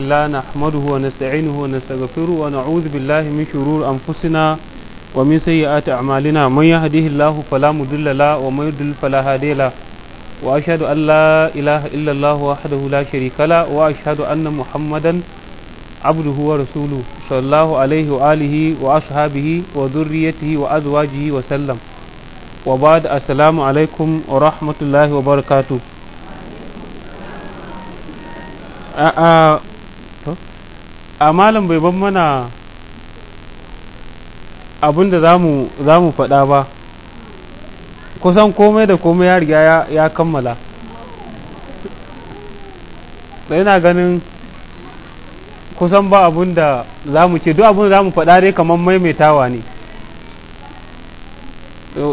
لا نحمده ونستعينه ونستغفره ونعوذ بالله من شرور أنفسنا ومن سيئات أعمالنا من يهده الله فلا مضل له ومن يضلل فلا هادي له وأشهد أن لا إله إلا الله وحده لا شريك له وأشهد أن محمدا عبده ورسوله صلى الله عليه وآله وأصحابه وذريته وأزواجه وسلم وبعد السلام عليكم ورحمة الله وبركاته a malam bai ban mana abin da za mu faɗa ba kusan komai da komai ya riga ya kammala sai ganin kusan ba abin da za mu ce duk abin da za mu faɗa dai kamar maimaitawa ne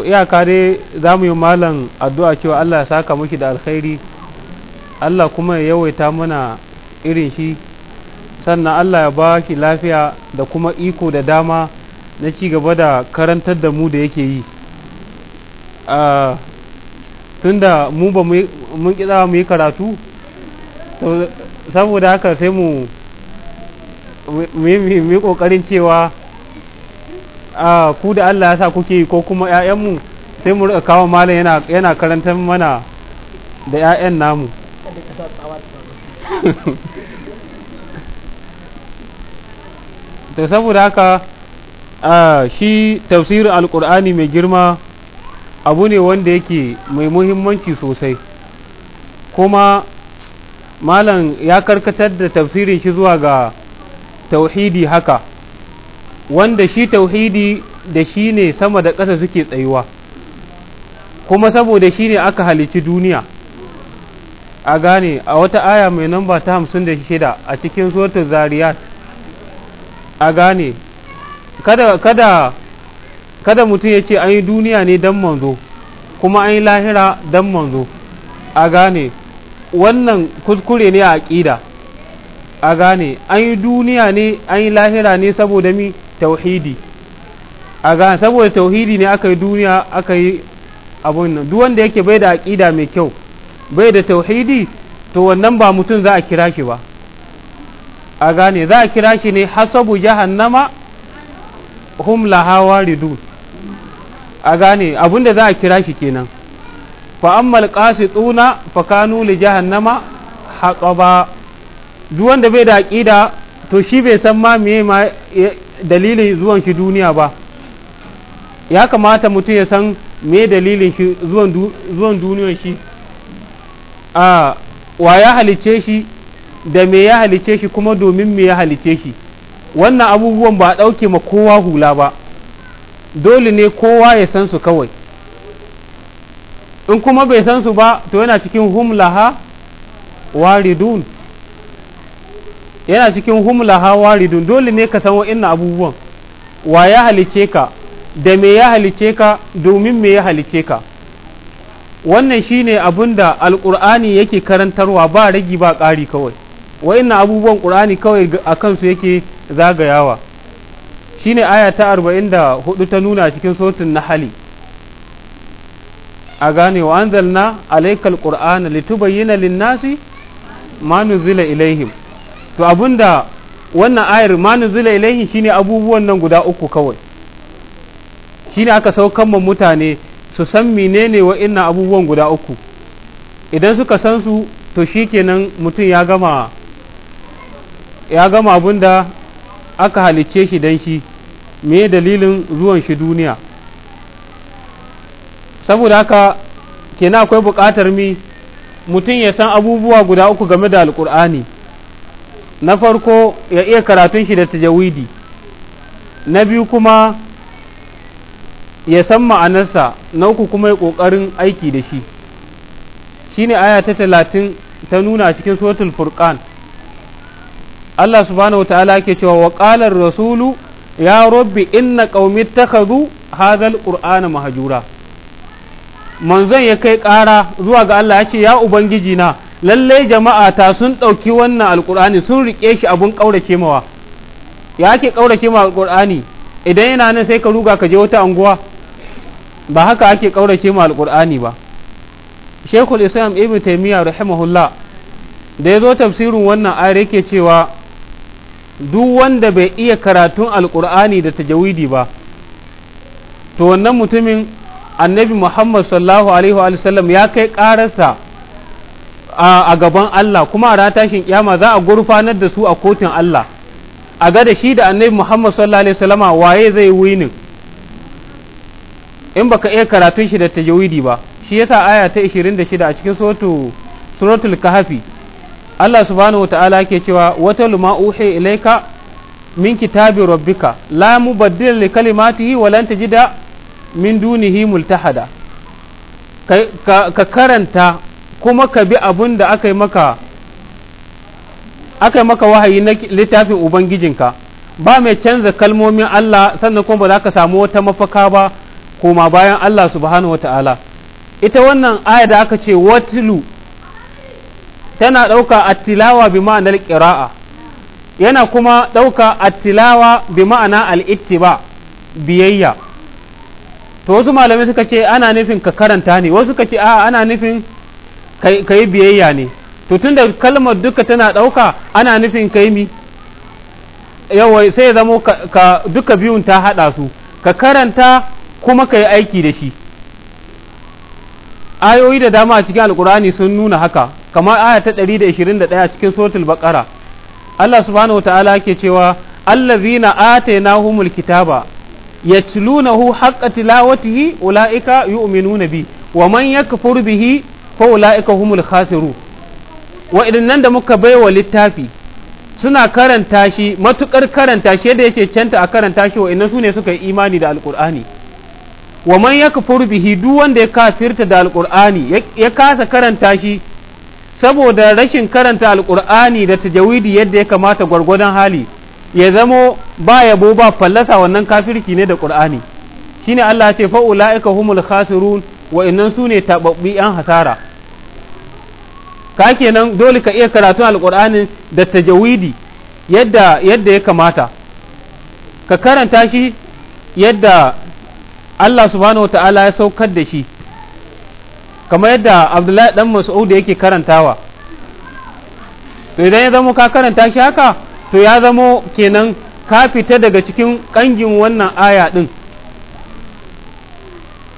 iyaka dai za mu yi malam addu'a cewa Allah ya saka miki da alkhairi Allah kuma ya yawaita mana irin shi sannan Allah ya ba ki lafiya da kuma iko da dama na ci gaba da karantar da mu da yake yi tunda mu ba mun ƙi mu yi karatu saboda haka sai mu yi ƙoƙarin cewa ku da Allah ya sa kuke yi ko kuma 'ya'yanmu sai mu rika kawo malam yana karantar mana da 'ya'yan namu to saboda haka shi tafsirin alkur'ani mai girma abu ne wanda yake mai muhimmanci sosai kuma malam ya karkatar da tafsirin shi zuwa ga tauhidi haka wanda shi tauhidi da shi ne sama da ƙasa suke tsayuwa kuma saboda shi ne aka halici duniya a gane a wata aya mai namba ta hamsin da shida a cikin suratul zariyat a gane kada kada kada mutum ya ce an yi duniya ne don manzo kuma an yi lahira don manzo a gane wannan kuskure ne a aƙida a gane an yi duniya ne an yi lahira ne saboda mi tauhidi a gane saboda tauhidi ne aka yi duniya aka yi abun nan duk wanda yake bai da aƙida mai kyau bai da tauhidi to wannan ba mutum za a kira shi ba a gane za a kira shi ne hasabu jahannama hum hawa ridu a gane abinda za a kira shi kenan fa ammal tsuna fa kanu li jahannama haqaba duk wanda bai da aqida to shi bai san ma meye ma dalilin zuwan shi duniya ba ya kamata mutum ya san me dalilin shi zuwan duniyar shi a wa ya halice shi da me ya halice shi kuma domin me ya halice shi wannan abubuwan ba a ɗauke ma kowa hula ba dole ne kowa ya san su kawai in kuma bai san su ba to yana cikin humlaha waridun yana cikin humlaha waridun dole ne ka san ina abubuwan wa ya halice ka da me ya halice ka domin me ya halice ka wannan shine abin da alƙur'ani yake karantarwa ba ragi ba ƙari kawai wa'inna abubuwan qur'ani kawai a kansu yake zagayawa shine aya ta 44 ta nuna cikin sautin nahali a gane wa anzalna alaikal qur'ana litubayyana lin-nasi ma nuzila ilaihim to abinda wannan ayar ma nuzila ilaihim shine abubuwan nan guda uku kawai shine aka saukan man mutane su san menene wa'innan abubuwan guda uku idan suka san su to shi shikenan mutum ya gama ya gama abin da aka halicce shi don shi me dalilin zuwan shi duniya saboda haka ke na akwai bukatar mi mutum ya san abubuwa guda uku game da alkur'ani na farko ya iya karatun shi da tajawidi na biyu kuma ya san ma'anarsa na uku kuma ya ƙoƙarin aiki da shi shine aya ta talatin ta nuna cikin sotul furkan. Allah subhanahu wataala yake cewa wa qala rasulu ya rabbi inna qaumi takhadhu hadha alqur'ana mahjura manzon ya kai ƙara zuwa ga Allah ya ce ya ubangiji na lalle jama'a ta sun ɗauki wannan alƙur'ani sun rike shi abun ƙaurace mawa ya ke ƙaurace ma alƙur'ani idan yana nan sai ka ruga ka je wata anguwa ba haka ake ƙaurace ma alƙur'ani ba Sheikhul Islam Ibn Taymiyyah rahimahullah da ya zo tafsirin wannan ayar yake cewa duk wanda bai iya karatun alkur'ani da tajawidi ba to wannan mutumin annabi muhammad sallallahu alaihi wa sallam ya kai karasa a gaban allah kuma a tashin kyama za a gurfanar da su a kotun allah a ga da shi da annabi muhammad sallallahu alaihi wasallama waye zai winin in baka iya karatun shi da tajawidi ba shi yasa aya ta 26 a cikin suratul kahfi Allah subhanahu wata'ala ke cewa wata luma uhe ilaika min kitabi rabbika la mubaddila li kalimatihi wa lan tajida min dunihi multahada ka, karanta kuma ka bi abun da aka maka aka maka wahayi na littafin ubangijinka ba mai canza kalmomin Allah sannan kuma ba za ka samu wata mafaka ba koma bayan Allah subhanahu wata'ala ita wannan aya da aka ce watlu tana ɗauka attilawa bi ma'anar ƙira'a yana kuma ɗauka attilawa bi ma'ana al'ittiba biyayya to wasu malamai suka ce ana nufin ka karanta ne wasu suka ce a ana nufin ka yi biyayya ne to tun da kalmar duka tana ɗauka ana nufin ka yi mi yawa sai ya zamo duka biyun ta haɗa su ka karanta kuma ka yi aiki da shi ayoyi da dama a cikin alkur'ani sun nuna haka kamar aya ta 121 cikin suratul bakara Allah subhanahu wataala yake cewa allazina atainahumul kitaba yatlunahu haqqa tilawatihi ulaika yu'minuna bi wa man yakfur bihi fa ulaika humul khasiru wa idan nan da muka baiwa littafi suna karanta shi matukar karanta shi da yake canta a karanta shi wa su sune suka yi imani da alkur'ani wa man yakfur bihi duk wanda ya kafirta da alqur'ani ya kasa karanta shi saboda rashin karanta alqur'ani da tajawidi yadda ya kamata gwargwadon hali ya zamo ba yabo ba fallasa wannan kafirci ne da qur'ani shine Allah ya ce fa ulaika humul khasirun wa innan sune tababbi an hasara ka kenan dole ka iya karatun alqur'anin da tajawidi yadda yadda ya kamata ka karanta shi yadda Allah subhanahu wa ta'ala ya saukar da shi kamar yadda Abdullahi dan Mas'ud yake karantawa to idan ya zama ka karanta shi haka to ya zama kenan ka fita daga cikin ƙangin wannan aya din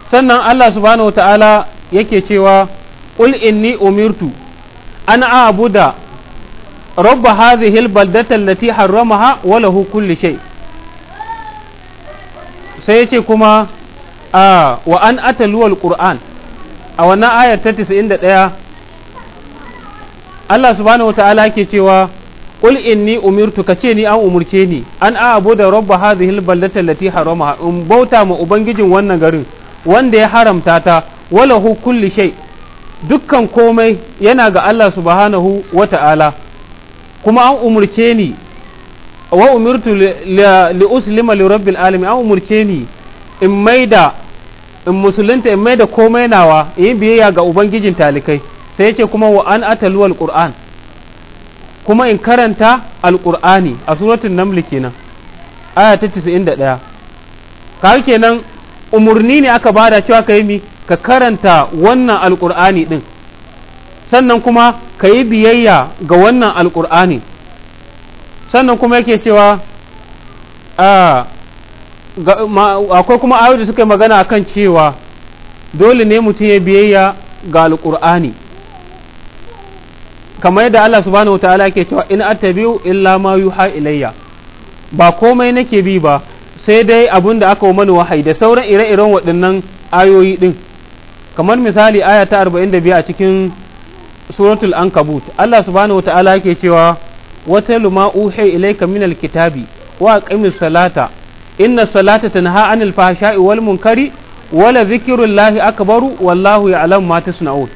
sannan Allah subhanahu wa ta'ala yake cewa qul inni umirtu an a'buda رب هذه harramaha wa lahu وله shay sai yace kuma. a wa an ataluwal Kur'an, a wannan ayar ta 91 Allah subhanahu wataala ke cewa qul inni umirtu ce ni an umurce ni an abu da rabb hadhihi albaldati allati haramaha in bauta ma ubangijin wannan garin wanda ya haramta ta wala hu kulli shay dukkan komai yana ga Allah subhanahu wataala kuma an umurce ni wa umirtu li uslima li rabbil alamin an umurce ni in da in musulunta in mai da komai nawa yin biyayya ga ubangijin talikai sai yace kuma wa an atalu alquran kuma in karanta alqur'ani a suratul naml kenan aya ta 91 ka kenan umurni ne aka bada cewa ka yi mi ka karanta wannan alqur'ani din sannan kuma ka yi biyayya ga wannan alqur'ani sannan kuma yake cewa a ah, akwai kuma ayoyi da suka yi magana kan cewa dole ne mutum ya biyayya ga alƙur'ani kamar yadda Allah subhanahu wataala ke cewa in attabi'u illa ma yuha ilayya ba komai nake bi ba sai dai abin da aka mani wahayi da sauran ire-iren waɗannan ayoyi ɗin kamar misali aya ta 45 a cikin suratul ankabut Allah subhanahu wataala ke cewa wata luma uhe ilayka min kitabi wa aqimis salata inna salata tanha anil fahsha'i wal munkari wala zikrullahi akbaru wallahu ya'lamu ma tasna'un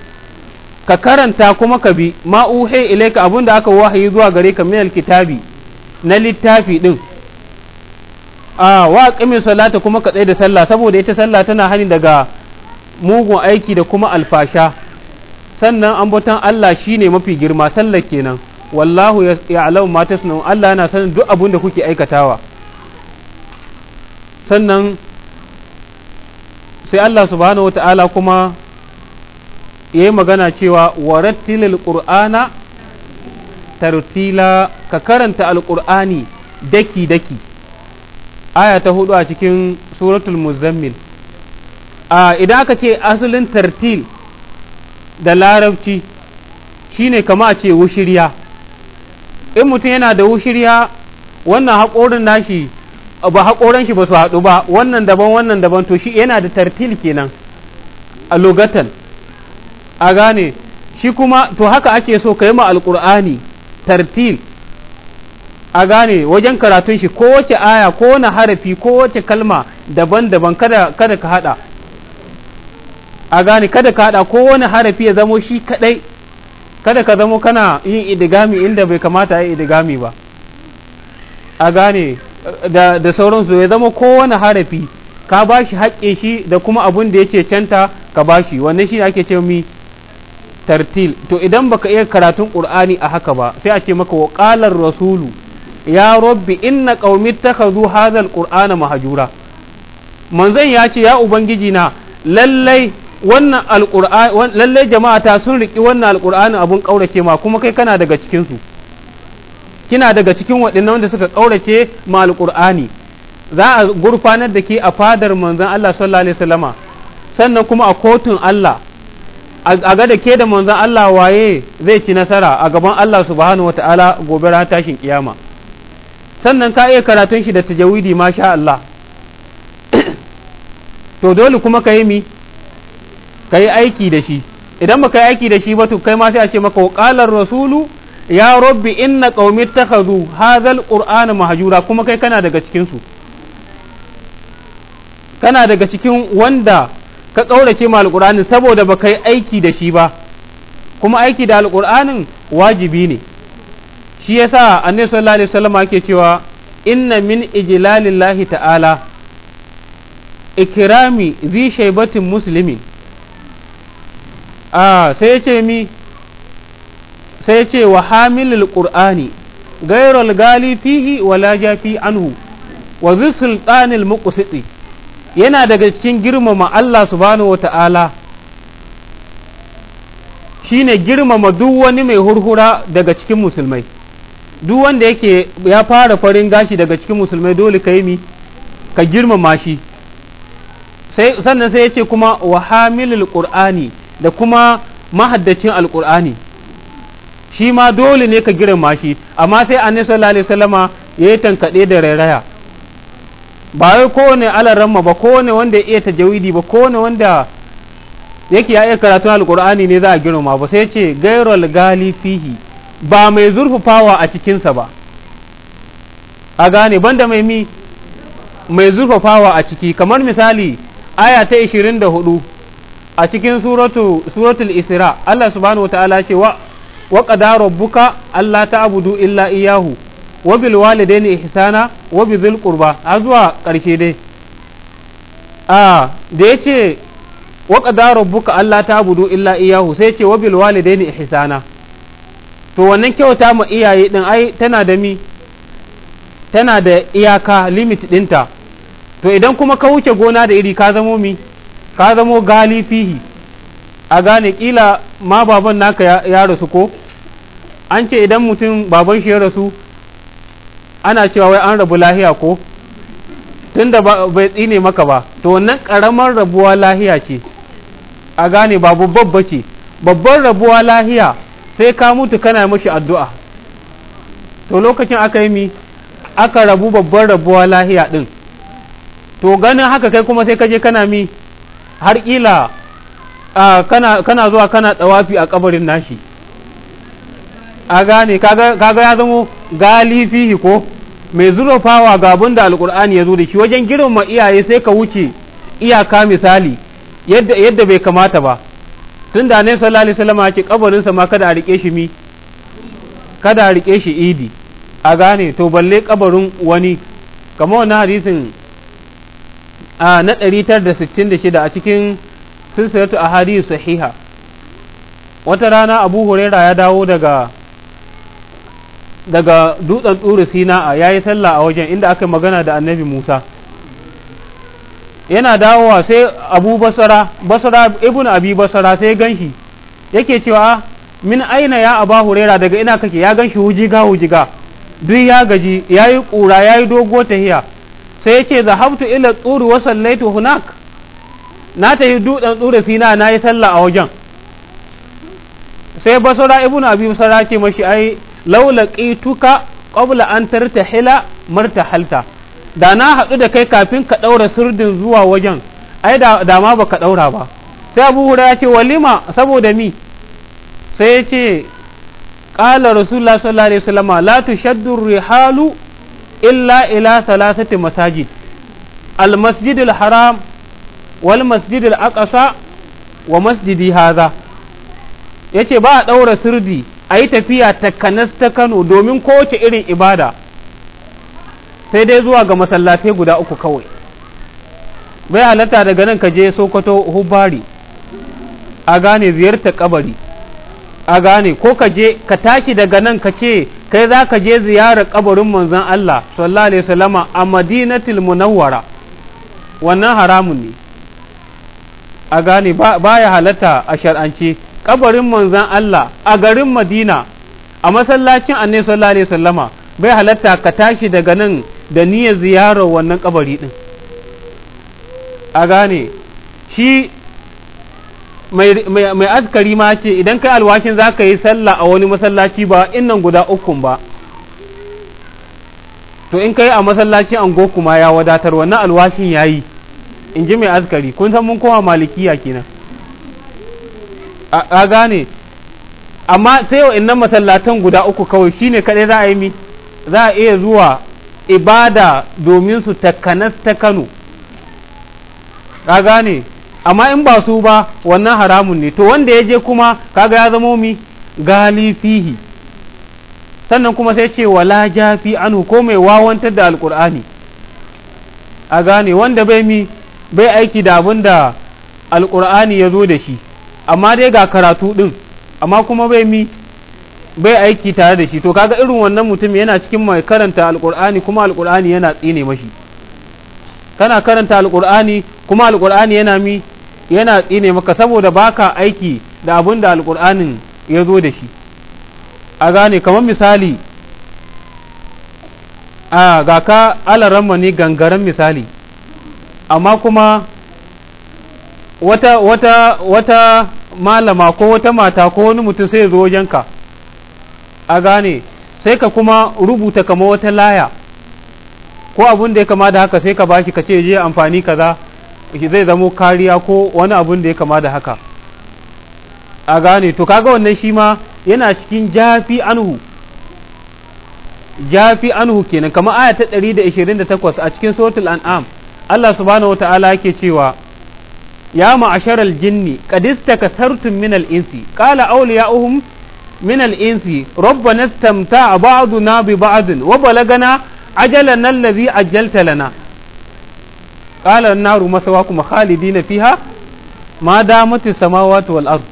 ka karanta kuma ka bi ma uhe ilaika da aka wahayi zuwa gare ka min na littafi din a wa qimin salata kuma ka tsai da sallah saboda ita sallah tana hani daga mugun aiki da kuma alfasha sannan ambaton Allah shine mafi girma sallah kenan wallahu ya'lamu ma tasna'un Allah yana sanin duk abun da kuke aikatawa sannan sai Allah subhanahu wata'ala kuma ya yi magana cewa warattilil qur'ana tartila ka karanta Alƙur'ani daki daki aya ta hudu a cikin suratul muzammil a idan aka ce asalin tartil da larabci shine kama a ce wushirya in mutum yana da wushirya wannan haƙorin nashi ba haƙoran shi ba su haɗu ba wannan daban wannan daban to shi yana da tartil kenan a logatan a gane shi kuma to haka ake so ka yi ma alƙur'ani tartil a gane wajen karatun shi kowace aya kowane harafi kowace kalma daban-daban kada, ka haɗa a gane kada ka haɗa kowane harafi ya zamo shi kaɗai kada ka zamo kana yin idigami inda bai kamata a yi idigami ba a gane da, da sauransu ya zama kowane harafi ka bashi shi shi da kuma abun da ya cancanta ka ba shi wannan shi ake ce mi tartil to idan baka iya karatun qur'ani a haka ba sai a ce maka wa qalar rasulu ya rabbi inna qaumi takhadhu hadha alqur'ana mahjura manzon ya ce ya ubangiji na lallai wannan alqur'ani lallai jama'ata sun riki wannan alqur'ani abun kaurace ma kuma kai kana daga cikin su kina daga cikin waɗannan wanda suka ƙaurace ma alƙur'ani za a gurfanar da ke a fadar manzon Allah sallallahu alaihi wasallama sannan kuma a kotun Allah a ga da ke da manzon Allah waye zai ci nasara a gaban Allah subhanahu wataala gobe ran tashin kiyama sannan ka iya karatun shi da tajawidi masha Allah to dole kuma ka yi mi ka yi aiki da shi idan ba ka yi aiki da shi ba to kai ma sai a ce maka wa rasulu ya rabbi inna qaumi takhadhu hadha alquran mahjura kuma kai kana daga cikin su kana daga cikin wanda ka kaurace ma alqur'ani saboda ba kai aiki da shi ba kuma aiki da alqur'anin wajibi ne shi yasa annabi sallallahu alaihi wasallam yake cewa inna min ijlalillahi ta'ala ikrami zi shaybatin muslimin a ah, sai ya ce mi sai ce wa hamilul qur'ani gairul gali fihi wala jafi anhu wa bi sultanil muqsiti yana daga cikin girmama Allah subhanahu wata'ala shine girmama duk wani mai hurhura daga cikin musulmai duk wanda yake ya fara farin gashi daga cikin musulmai dole ka yi mi ka girmama shi sannan sai ya ce kuma wa hamilul qur'ani da kuma mahaddacin alqur'ani shi ma dole ne ka girma shi amma sai annabi sallallahu alaihi ya yi tankaɗe da rairaya ba wai kowane alaramma ba kowane wanda ya iya tajawidi ba kowane wanda yake ya iya karatun alkur'ani ne za a girma ba sai ce gairol gali fihi ba mai zurfafawa a cikinsa ba a gane banda mai mi mai zurfafawa a ciki kamar misali aya ta 24 a cikin suratul isra Allah subhanahu wa ta'ala ce wa wa qada rabbuka alla ta'budu illa iyyahu wa bil walidaini ihsana wa bizil qurba a karshe dai a da yace wa qada rabbuka alla ta'budu illa iyyahu sai yace wa bil walidaini ihsana to wannan kyauta ma iyaye din ai tana da mi tana da iyaka limit dinta to idan kuma ka wuce gona da iri ka zamo mi ka zamo galifihi a gane kila ma baban naka ya rasu ko an ce idan mutum baban shi ya rasu ana cewa wai an rabu lahiya ko tunda bai tsine maka ba to wannan karamar rabuwa lahiya ce a gane babu babba ce babban rabuwa lahiya sai ka mutu kana mashi addu'a to lokacin aka yi mi aka rabu babban rabuwa lahiya din to ganin haka kai kuma sai ka je kana mi har kila Ah, kana zuwa kana tsawafi a kabarin nashi a gane kaga ya zama galifi ko mai zurafawa ga abin da alkur'ani ya zo da shi wajen girma iyaye sai ka wuce iyaka misali yadda bai kamata ba tun da annabi sallallahu alaihi wasallam ce kabarinsa ma kada a rike shi mi kada a rike shi idi a gane to balle kabarin wani kamar wannan hadisin a ah, na 166 a cikin silsilatu ahadith sahiha wata rana abu huraira ya dawo daga daga dutsen ɗuri sina'a ya yi sallah a wajen inda aka magana da annabi musa yana dawowa sai abu basara basara ibn abi basara sai ganshi yake cewa ah, min aina ya ba hurera daga ina kake ya ganshi hujiga hujiga duk ya gaji ya yi ƙura ya yi dogo tahiya sai ya ce zahabtu ila tsuri wa sallaitu hunak na yi dutsen tsura sina na yi sallah a wajen sai basara ibnu abi basara ce mashi ai laula qituka qabla an tartahila martahalta da na haɗu da kai kafin ka ɗaura surdin zuwa wajen ai da ba baka ɗaura ba sai abu hura ya ce walima saboda mi sai ya ce ƙala rasulullah sallallahu alaihi wasallam la tushaddu rihalu illa ila thalathati masajid al masjidil haram wal masjid al-aqsa wa masjidi haza yace ba a daura sirdi a yi tafiya ta ta Kano domin kowace irin ibada sai dai zuwa ga masallatai guda uku kawai bai halatta daga nan ka je Sokoto Hubari a gane ziyarta kabari a gane ko ka je ka tashi daga nan ka ce kai za ka je ziyarar kabarin manzon Allah sallallahu alaihi wasallama a Madinatul Munawwara wannan haramun ne a gane ba ya halatta a shar'ance kabarin manzan Allah a garin Madina a masallacin annai sallallahu alaihi wasallama bai halatta ka tashi daga nan da niyya ziyarar wannan kabari din a gane shi mai askari ma ce idan kai alwashin za ka yi sallah a wani masallaci ba innan guda ukun ba to in kai a masallacin an kuma ya wadatar wannan alwashin ya yi in ji mai askari kun san mun koma malikiya kenan a gane amma sai innan masallatan guda uku kawai shine kadai za a yi mi za a iya zuwa ibada domin su takkanas ta Kano a gane amma in ba su ba wannan haramun ne to wanda ya je kuma kaga ya zamo mi galifihi sannan kuma sai ce wala jafi anu ko mai wawantar da alkur'ani a gane wanda bai mi bai aiki da abin da alkur'ani ya zo da shi amma dai ga karatu ɗin amma kuma bai mi bai aiki tare da shi to kaga irin wannan mutum yana cikin mai karanta alkur'ani kuma alkur'ani yana tsine mashi kana karanta alkur'ani kuma alkur'ani yana mi yana tsine maka saboda baka aiki da abin da alkur'anin ya zo da shi a gane kamar misali a ga ka alaramma ne gangaren misali amma kuma wata wata wata malama ko wata mata ko wani mutum sai ya zo wajenka a gane sai ka kuma rubuta kama wata laya ko abun da ya kama da haka sai ka bashi ka ce je amfani kaza zai zamo kariya ko wani abun da ya kama da haka a gane to kaga wannan shi ma yana cikin jafi anhu jafi anhu kenan kama aya ta 128 a cikin suratul an'am Allah subhanahu wa ta'ala yake cewa ya ma'asharal jinni qad istakathartum min al-insi qala awliya'uhum min al-insi rabbana istamta'a ba'duna bi ba'd wa balagana ajalana alladhi ajjalta lana qala an-naru mathwaakum khalidina fiha ma damat as-samawati wal ard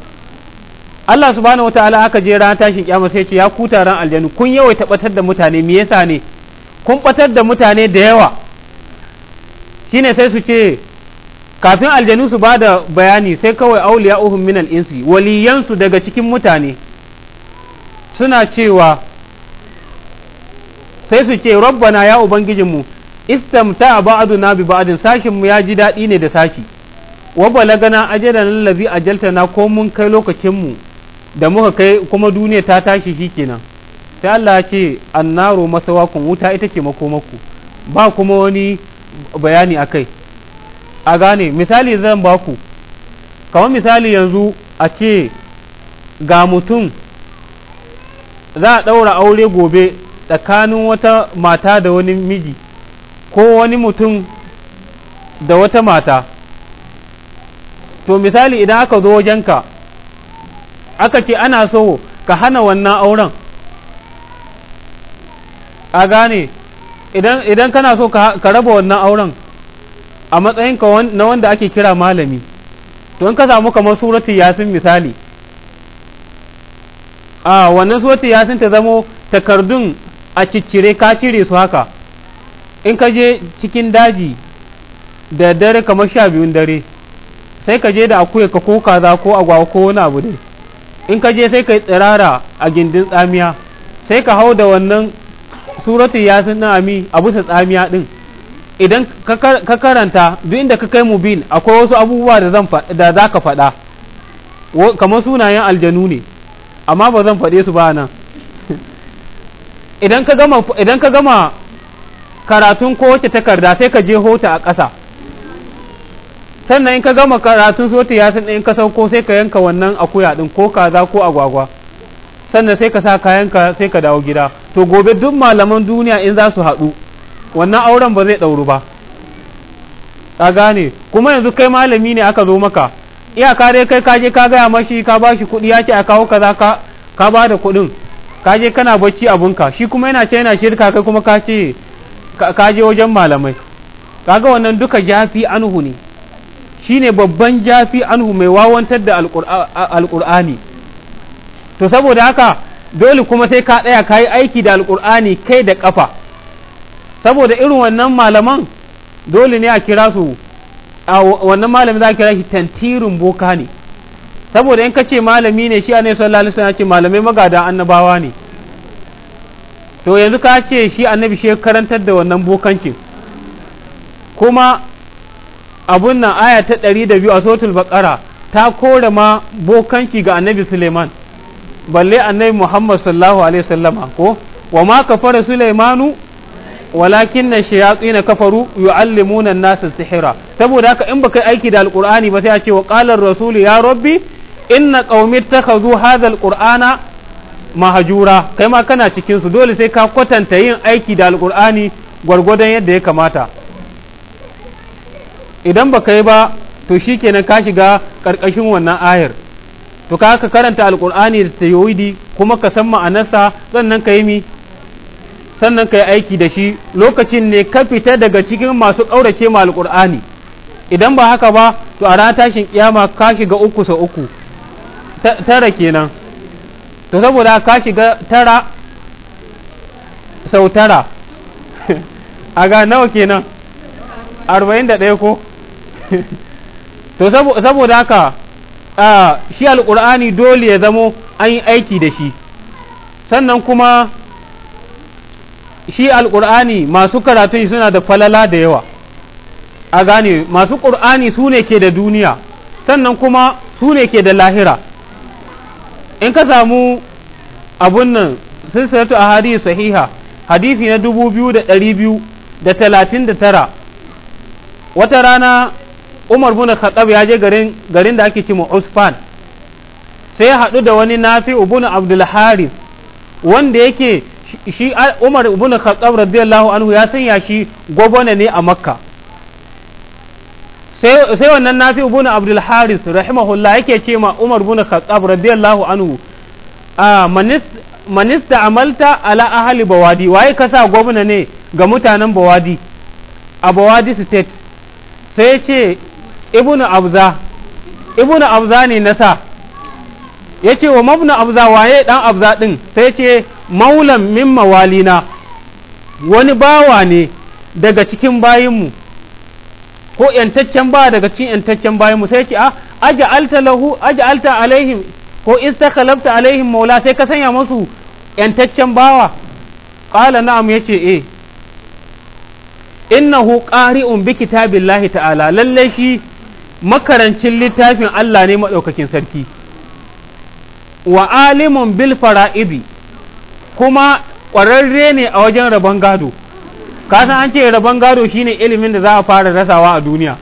Allah subhanahu wataala aka je ran tashin kiyama sai ce ya ku taron aljanu kun yawaita batar da mutane me yasa ne kun batar da mutane da yawa shi ne sai su ce kafin aljanu su ba da bayani sai kawai auliya uhun minal insi waliyansu daga cikin mutane suna cewa sai su ce rabbana ya ubangijinmu istamta ba'aduna bi ba'adin sashin ya ji daɗi ne da sashi wa balagana ajalan a ajaltana ko mun kai lokacinmu da muka kai kuma duniya ta tashi shikenan sai Allah ya ce annaru masawakun wuta ita ce makomaku ba kuma wani bayani a kai a gane misali zan baku kamar misali yanzu a ce ga mutum za a ɗaura aure gobe tsakanin wata mata da wani miji ko wani mutum da wata mata to misali idan aka zo wajenka aka ce ana so ka hana wannan auren a gane idan kana so ka raba wannan auren a matsayin ka na wanda ake kira malami to in ka samu kamar suratul yasin misali a wannan suratul yasin ta zamo takardun a ciccire ka cire su haka in ka je cikin daji da dare kamar sha biyun dare sai ka je da akuya ka ko kaza ko agwa ko wani abu dai in ka je sai ka yi tsirara a gindin tsamiya sai ka hau da wannan suratu yasin na ami a bisa tsamiya din idan ka karanta duk inda ka kai mubin akwai wasu abubuwa da za ka faɗa kamar sunayen aljanu ne amma ba zan faɗe su ba nan idan ka gama karatun ko wacce takarda sai ka je hota a ƙasa sannan in ka gama karatun sota yasin ɗin ka sauko sai ka yanka wannan akuya ɗin ko kaza ko agwagwa sannan sai ka sa kayan ka sai ka dawo gida to gobe duk malaman duniya in za su haɗu wannan auren ba zai ɗauru ba a gane kuma yanzu kai malami ne aka zo maka iyaka dai kai kaje ka gaya mashi ka ba shi kuɗi ya ce a kawo kaza ka ka ba da kuɗin kaje kana bacci abunka shi kuma yana ce yana shirka kai kuma ka ce ka je wajen malamai kaga wannan duka jafi anhu ne shine babban jafi anhu mai wawantar da alƙur'ani to saboda haka dole kuma sai ka tsaya ka yi aiki da alkur'ani kai da kafa saboda irin wannan malaman dole ne a kira su a wannan malami za a kira shi tantirin boka ne saboda in ka ce malami ne shi a ne lalisa ya ce malamai magada annabawa ne to yanzu ka ce shi annabi shi karantar da wannan bokancin kuma abun nan aya ta 102 a sotul bakara ta kore ma bokanci ga annabi suleiman balle annabi Muhammad sallallahu alaihi wasallam ko wa ma kafara Sulaimanu walakin na shayatsina kafaru yu'allimuna an-nasa sihira saboda haka in baka aiki da alqur'ani ba sai a ce wa qala ar-rasul ya rabbi inna qaumi takhadhu hadha alqur'ana qurana mahjura kai ma kana cikin su dole sai ka kwatanta yin aiki da alqur'ani gwargwadon yadda ya kamata idan baka yi ba to shikenan ka shiga karkashin wannan ayar to ka ka karanta alkur'ani da tawhidi kuma ka san ma'anarsa sannan ka yi mi sannan ka yi aiki da shi lokacin ne ka fita daga cikin masu ƙaurace ma alkur'ani idan ba haka ba to a ranar tashin kiyama ka shiga uku sa uku tara kenan to saboda ka shiga tara sau tara a ga nawa kenan arba'in da ɗaya ko to saboda haka shi alƙur'ani dole ya zamo an yi aiki da shi sannan kuma shi alƙur'ani masu karatun suna da falala da yawa a gane masu ƙur'ani su ne ke da duniya sannan kuma su ne ke da lahira in ka samu abun nan sun sanatu a hadisi sahiha hadisi na dubu biyu da da talatin da tara wata rana umar bin khattab ya je garin garin da ake ce mu usfan sai ya haɗu da wani nafi ibn abdul harith wanda yake shi umar ibn khattab radiyallahu anhu ya sanya shi gwabana ne a makka sai sai wannan nafi ibn abdul harith rahimahullah yake ce ma umar ibn khattab radiyallahu anhu a manista amalta ala ahli bawadi waye kasa gwamna ne ga mutanen bawadi a bawadi state sai ya ce ibnu abza ibnu abza ne nasa yace wa mabnu abza waye dan abza din sai ce maulan min mawalina wani bawa ne daga cikin bayinmu ko yantaccen ba daga cikin yantaccen bayinmu sai ce a ah, aja'alta lahu aja'alta alaihim ko istakhlafta alaihim maula sai ka sanya musu yantaccen bawa qala na'am yace eh innahu qari'un bi kitabillahi ta'ala lalle shi makarancin littafin Allah ne maɗaukakin sarki wa alimun bil fara'idi kuma ƙwararre ne a wajen rabon gado kasan an ce rabon gado shine ilimin da za a fara rasawa a duniya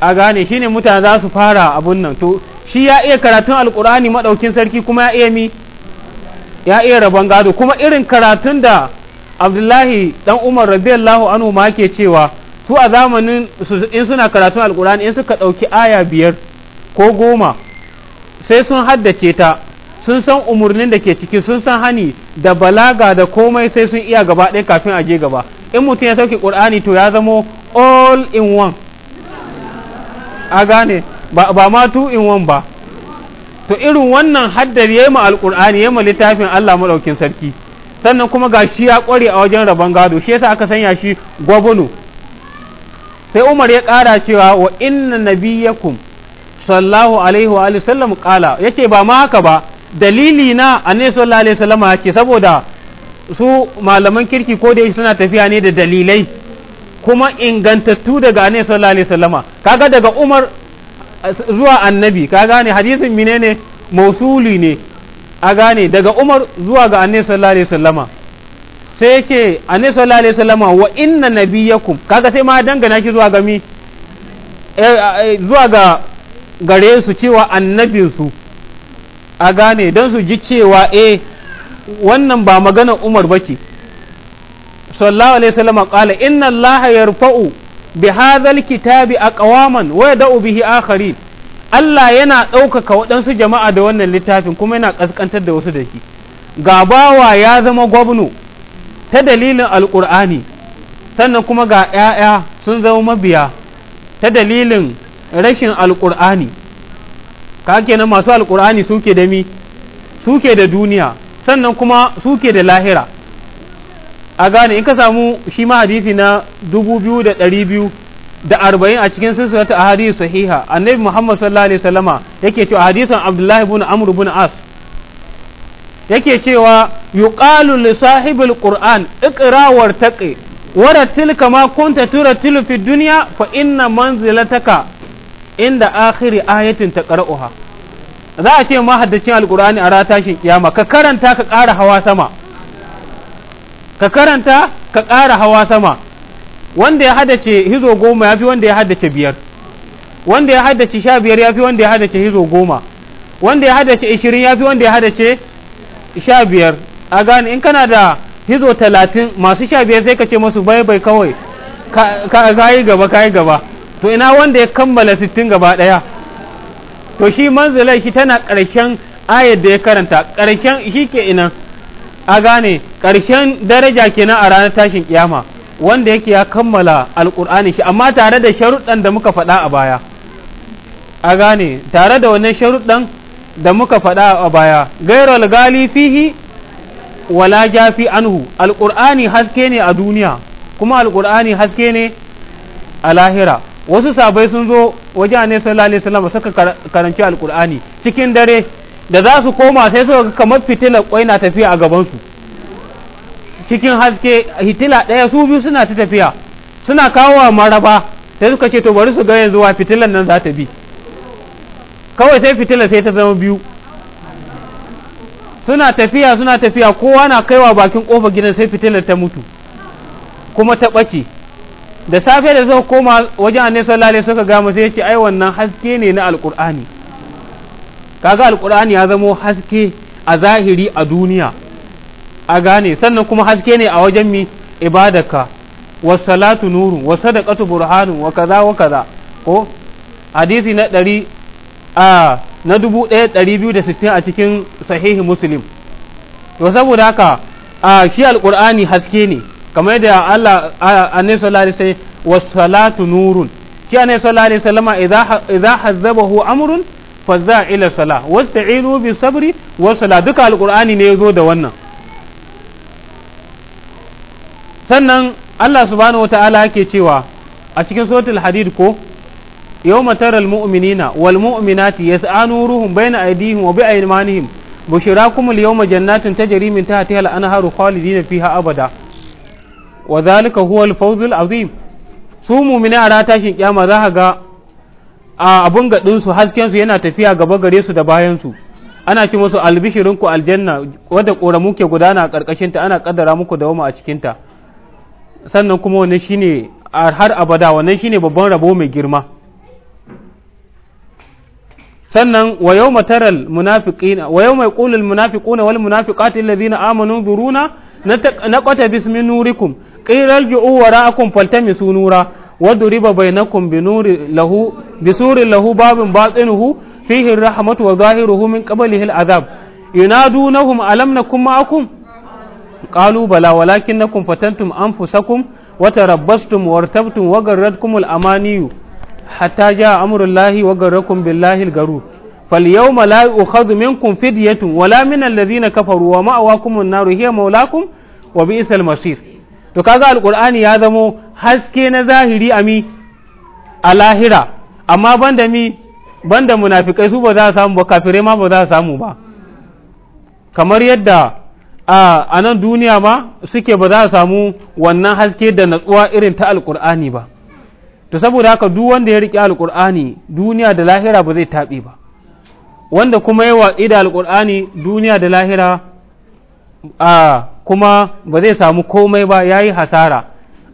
a gane shine mutane za su fara abun nan to shi ya iya karatun alkur'ani maɗaukin sarki kuma ya iya mi ya iya rabon gado kuma irin karatun da abdullahi dan umar radiyallahu anhu ma ke cewa su a zamanin in suna karatun alkur'ani in suka ɗauki aya biyar ko goma sai sun haddace ta sun san umarnin da ke ciki sun san hani da balaga da komai sai sun iya gaba ɗaya kafin a je gaba in mutum ya sauke ƙur'ani to ya zamo all in one a gane ba ma two in one ba to irin wannan haddari ya yi ma al'kur'ani ya ma littafin Allah maɗaukin sarki sannan kuma ga shi ya ƙware a wajen rabon gado shi yasa aka sanya shi gwabunu sai umar ya ƙara cewa wa inna nabiyakum sallahu alaihi wa alihi sallam kala yace ba ma haka ba dalili na annabi sallallahu alaihi wasallam ya ce saboda su malaman kirki ko da suna tafiya ne da dalilai kuma ingantattu daga annabi sallallahu alaihi wasallam kaga daga umar zuwa annabi ka gane hadisin menene mausuli ne a gane daga umar zuwa ga annabi sallallahu alaihi wasallam sai yake annabi sallallahu alaihi wasallam wa inna nabiyakum kaga sai ma dangana shi zuwa ga mi eh, eh, eh, gare su cewa annabinsu a gane don su ji cewa eh wannan ba magana Umar bace sallallahu alaihi wasallam qala inna Allah yarfa'u bi hadhal kitabi aqwaman wa yad'u bihi akharin Allah yana ɗaukaka waɗansu jama'a da wannan littafin kuma yana ƙasƙantar da wasu da shi gabawa ya zama gwamnu ta dalilin alƙur'ani sannan kuma ga ‘ya'ya sun zama mabiya ta dalilin rashin alƙur'ani ka kenan masu alƙur'ani suke da mi suke da duniya sannan kuma suke da lahira a gane in ka samu shi ma hadisi na dubu biyu da ɗari biyu da arba'in a cikin silsilata a hadisi sahiha annabi muhammad sallallahu alaihi wasallama yake cewa hadisin abdullahi bin amr bin as yake cewa yuqalu li sahibil qur'an iqra wartaqi tilka ma kunta tilu fi dunya fa inna manzilataka inda akhiri ayatin qara'uha za a ce mahaddacin alqur'ani a ratashin kiyama ka karanta ka ƙara hawa sama ka karanta ka ƙara hawa sama wanda ya haddace hizo goma ya fi wanda ya haddace biyar wanda ya haddace sha biyar ya fi wanda ya haddace hizo goma wanda ya haddace ishirin ya fi wanda ya haddace sha biyar a gane in kana da hizo talatin masu sha biyar sai ka ce masu bai bai kawai ka yi gaba ka yi gaba to ina wanda ya kammala sittin gaba ɗaya to shi manzilai shi tana ƙarshen ayar da ya karanta ƙarshen shi ke ina a gane ƙarshen daraja kenan a ranar tashin kiyama wanda yake ya kammala alƙur'ani shi amma tare da sharuɗan da muka faɗa a baya a gane tare da wannan sharuɗan da muka faɗa a baya gairar gali fihi wala jafi anhu alƙur'ani haske ne a duniya kuma alƙur'ani haske ne a lahira wasu sabai sun zo waje a nesa lalai salama suka karanci alƙur'ani cikin dare da za su koma sai suka kamar fitilar kwai na tafiya a gabansu cikin haske hitila ɗaya su biyu suna ta tafiya suna kawo maraba sai suka ce to bari su ga yanzu wa fitilar nan za ta bi kawai sai fitila sai ta zama biyu suna tafiya suna tafiya kowa na kaiwa bakin kofar gidan sai fitilar ta mutu kuma ta ɓace da safe da suka koma wajen annabi salale suka gama sai ya ce ai wannan haske ne na alkur'ani kaga alkur'ani ya zamo haske a zahiri a duniya a gane sannan kuma haske ne a wajen mi ibadaka was salatu nurun was sadaqatu burhanun wa kaza wa kaza ko hadisi na ɗari a na 1260 a cikin sahihi muslim to saboda haka a shi alkur'ani haske ne kamar da Allah annabi sallallahu alaihi wasallam was-salatu nurun shi annabi sallallahu alaihi wasallam idza idza hazzabahu amrun fazza ila sala wasta'inu bi sabri wa sala duka Alƙur'ani ne yazo da wannan sannan Allah subhanahu wataala yake cewa a cikin suratul hadid ko يوم ترى المؤمنين والمؤمنات يسعى نورهم بين أيديهم وبأيمانهم بشراكم اليوم جنات تجري من تحتها الأنهار خالدين فيها أبدا وذلك هو الفوز العظيم su من a يا مذاهقا za ka ga a su hasken haskensu yana tafiya gaba gare su da bayan su. ana ce musu ku aljanna wadda ƙoramu ke gudana a ta, ana ƙaddara muku da wama a cikin ta, sannan kuma wannan shine har abada wannan shine babban rabo mai girma sannan wa yau mataral munafiqina wa yau mai ƙulil munafiquna wal munafiqati allazina amanu duruna na kwata bismi nurikum qila arji'u wara'akum faltamisu nura wa duriba bainakum bi nuri lahu bi suri lahu babin batinuhu fihi rahmatu wa zahiruhu min qablihi hil azab yunadunahum alam nakum ma'akum qalu bala walakinnakum fatantum anfusakum wa tarabbastum wartabtum wa garratkum al amaniyu hatta ja amurullahi wa garakum billahi garu فاليوم لا يؤخذ منكم فدية ولا من الذين كفروا ومأواكم النار هي مولاكم وبئس المصير to kaga alqur'ani ya zamo haske na zahiri a lahira amma banda mi banda munafikai su ba za samu ba kafirai ma ba za samu ba kamar yadda a nan duniya ma suke ba za samu wannan haske da natsuwa irin ta alqur'ani ba to saboda haka duk wanda ya riƙe alƙur'ani duniya da lahira ba zai taɓe ba wanda kuma ya watsi da alƙur'ani duniya da lahira a kuma ba zai samu komai ba ya yi hasara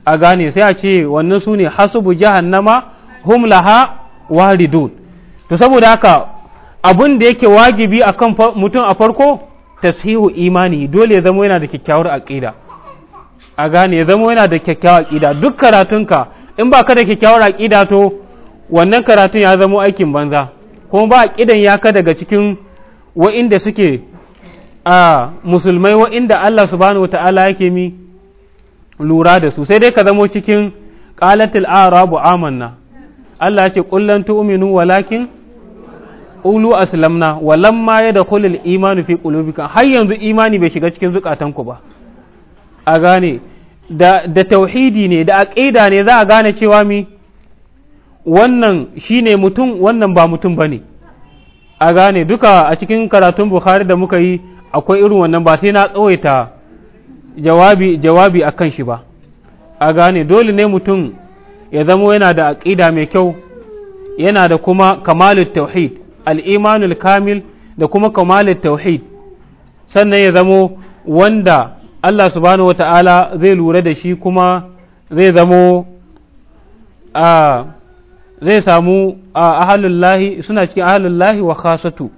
a gane sai a ce wannan su ne hasubu jahannama hum laha waridun to saboda haka abin da yake wajibi a kan mutum a farko tasihu imani dole ya zama yana da kyakkyawar aƙida a gane ya zama yana da kyakkyawar aƙida duk karatunka in ba ka da kyakkyawar aƙida to wannan karatun ya zamo aikin banza kuma ba aƙidan ya ka daga cikin wa'inda suke a musulmai wa'inda Allah subhanahu ta'ala yake mi lura da su sai dai ka zamo cikin qalatil arabu amanna Allah ce kullan tu'minu walakin ulu aslamna walamma yadkhulul imanu fi qulubikum har yanzu imani bai shiga cikin zukatanku ba a gane da tauhidi ne da aqida ne za a gane cewa mi wannan shine mutum wannan ba mutum bane a gane duka a cikin karatun Bukhari da muka yi akwai irin wannan ba sai na tsawaita jawabi jawabi akan shi ba a gane dole ne mutum ya zama yana da aqida mai kyau yana da kuma kamalut tauhid al-imanul kamil da kuma kamalut tauhid sannan ya zamo wanda Allah subhanahu wata'ala zai lura da shi kuma zai zamo a zai samu a ahalullahi suna cikin ahalullahi wa khasatu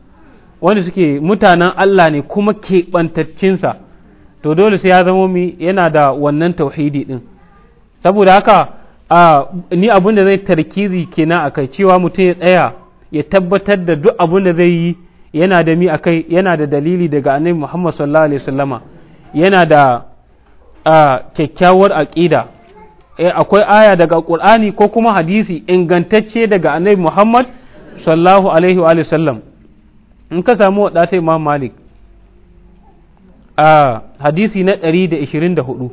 wanda suke mutanen Allah ne kuma keɓantaccinsa to dole sai ya zamo mi yana da wannan tauhidi ɗin saboda haka ni abin da zai tarkizi kenan akai cewa mutum ya tsaya ya tabbatar da duk abin da zai yi yana da mi akai yana da dalili daga annabi Muhammad sallallahu alaihi wasallama yana da kyakkyawar aƙida eh, akwai aya daga ƙur'ani ko kuma hadisi ingantacce daga annabi muhammad sallahu alaihi wa sallam in ka samu wa ɗata malik a hadisi na 124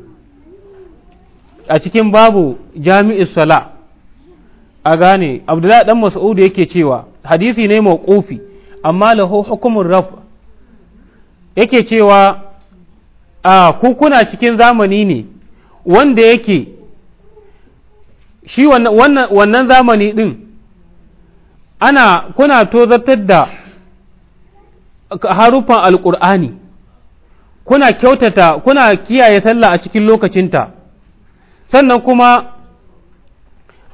a cikin babu jami'in sala a gane abdullahi dan mas'ud yake cewa hadisi ne mai kofi amma lahu hukumin raf yake cewa a ku kuna cikin zamani ne wanda yake shi wannan zamani ɗin ana kuna tozartar da harufan alƙur'ani kuna kyautata kuna kiyaye sallah a cikin lokacinta sannan kuma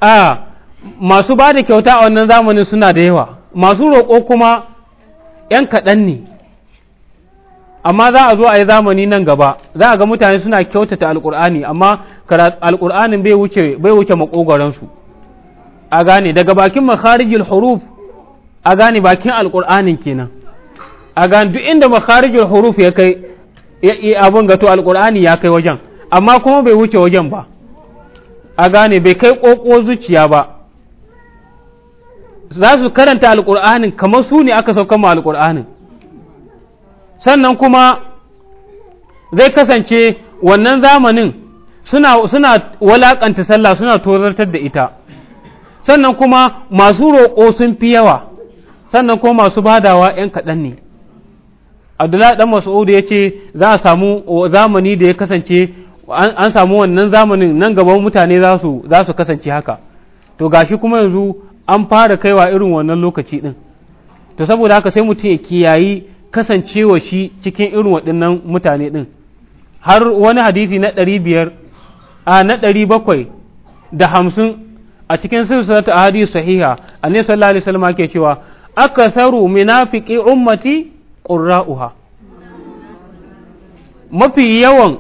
a masu ba da kyauta a wannan zamanin suna da yawa masu roƙo kuma ‘yan kaɗan ne amma za a zo a yi zamani nan gaba za a ga mutane suna kyautata alkur'ani amma alkur'anin bai wuce bai wuce makogoransu a gane daga bakin makharijul huruf a gane bakin alkur'anin kenan a gane duk inda makharijul huruf ya kai abin gato alkur'ani ya kai wajen amma kuma bai wuce wajen ba a gane bai kai ƙoƙo zuciya ba za su karanta alkur'anin kamar su ne aka sauka ma alkur'anin sannan kuma zai kasance wannan zamanin suna suna walakanta sallah suna tozartar da ita sannan kuma masu roƙo sun fi yawa sannan kuma masu badawa 'yan kaɗan ne abdullahi ɗan mas'ud ya ce za a samu zamani da ya kasance an samu wannan zamanin nan gaban mutane za su kasance haka to gashi kuma yanzu an fara kaiwa irin wannan lokaci ɗin to saboda haka sai mutum ya kiyayi kasancewa shi cikin irin waɗannan mutane ɗin har wani hadisi na ɗari biyar a na ɗari bakwai da hamsin a cikin silsilatu a hadisi sahiha annabi sallallahu alaihi salama ke cewa aka akasaru munafiki ummati qurra'uha mafi yawan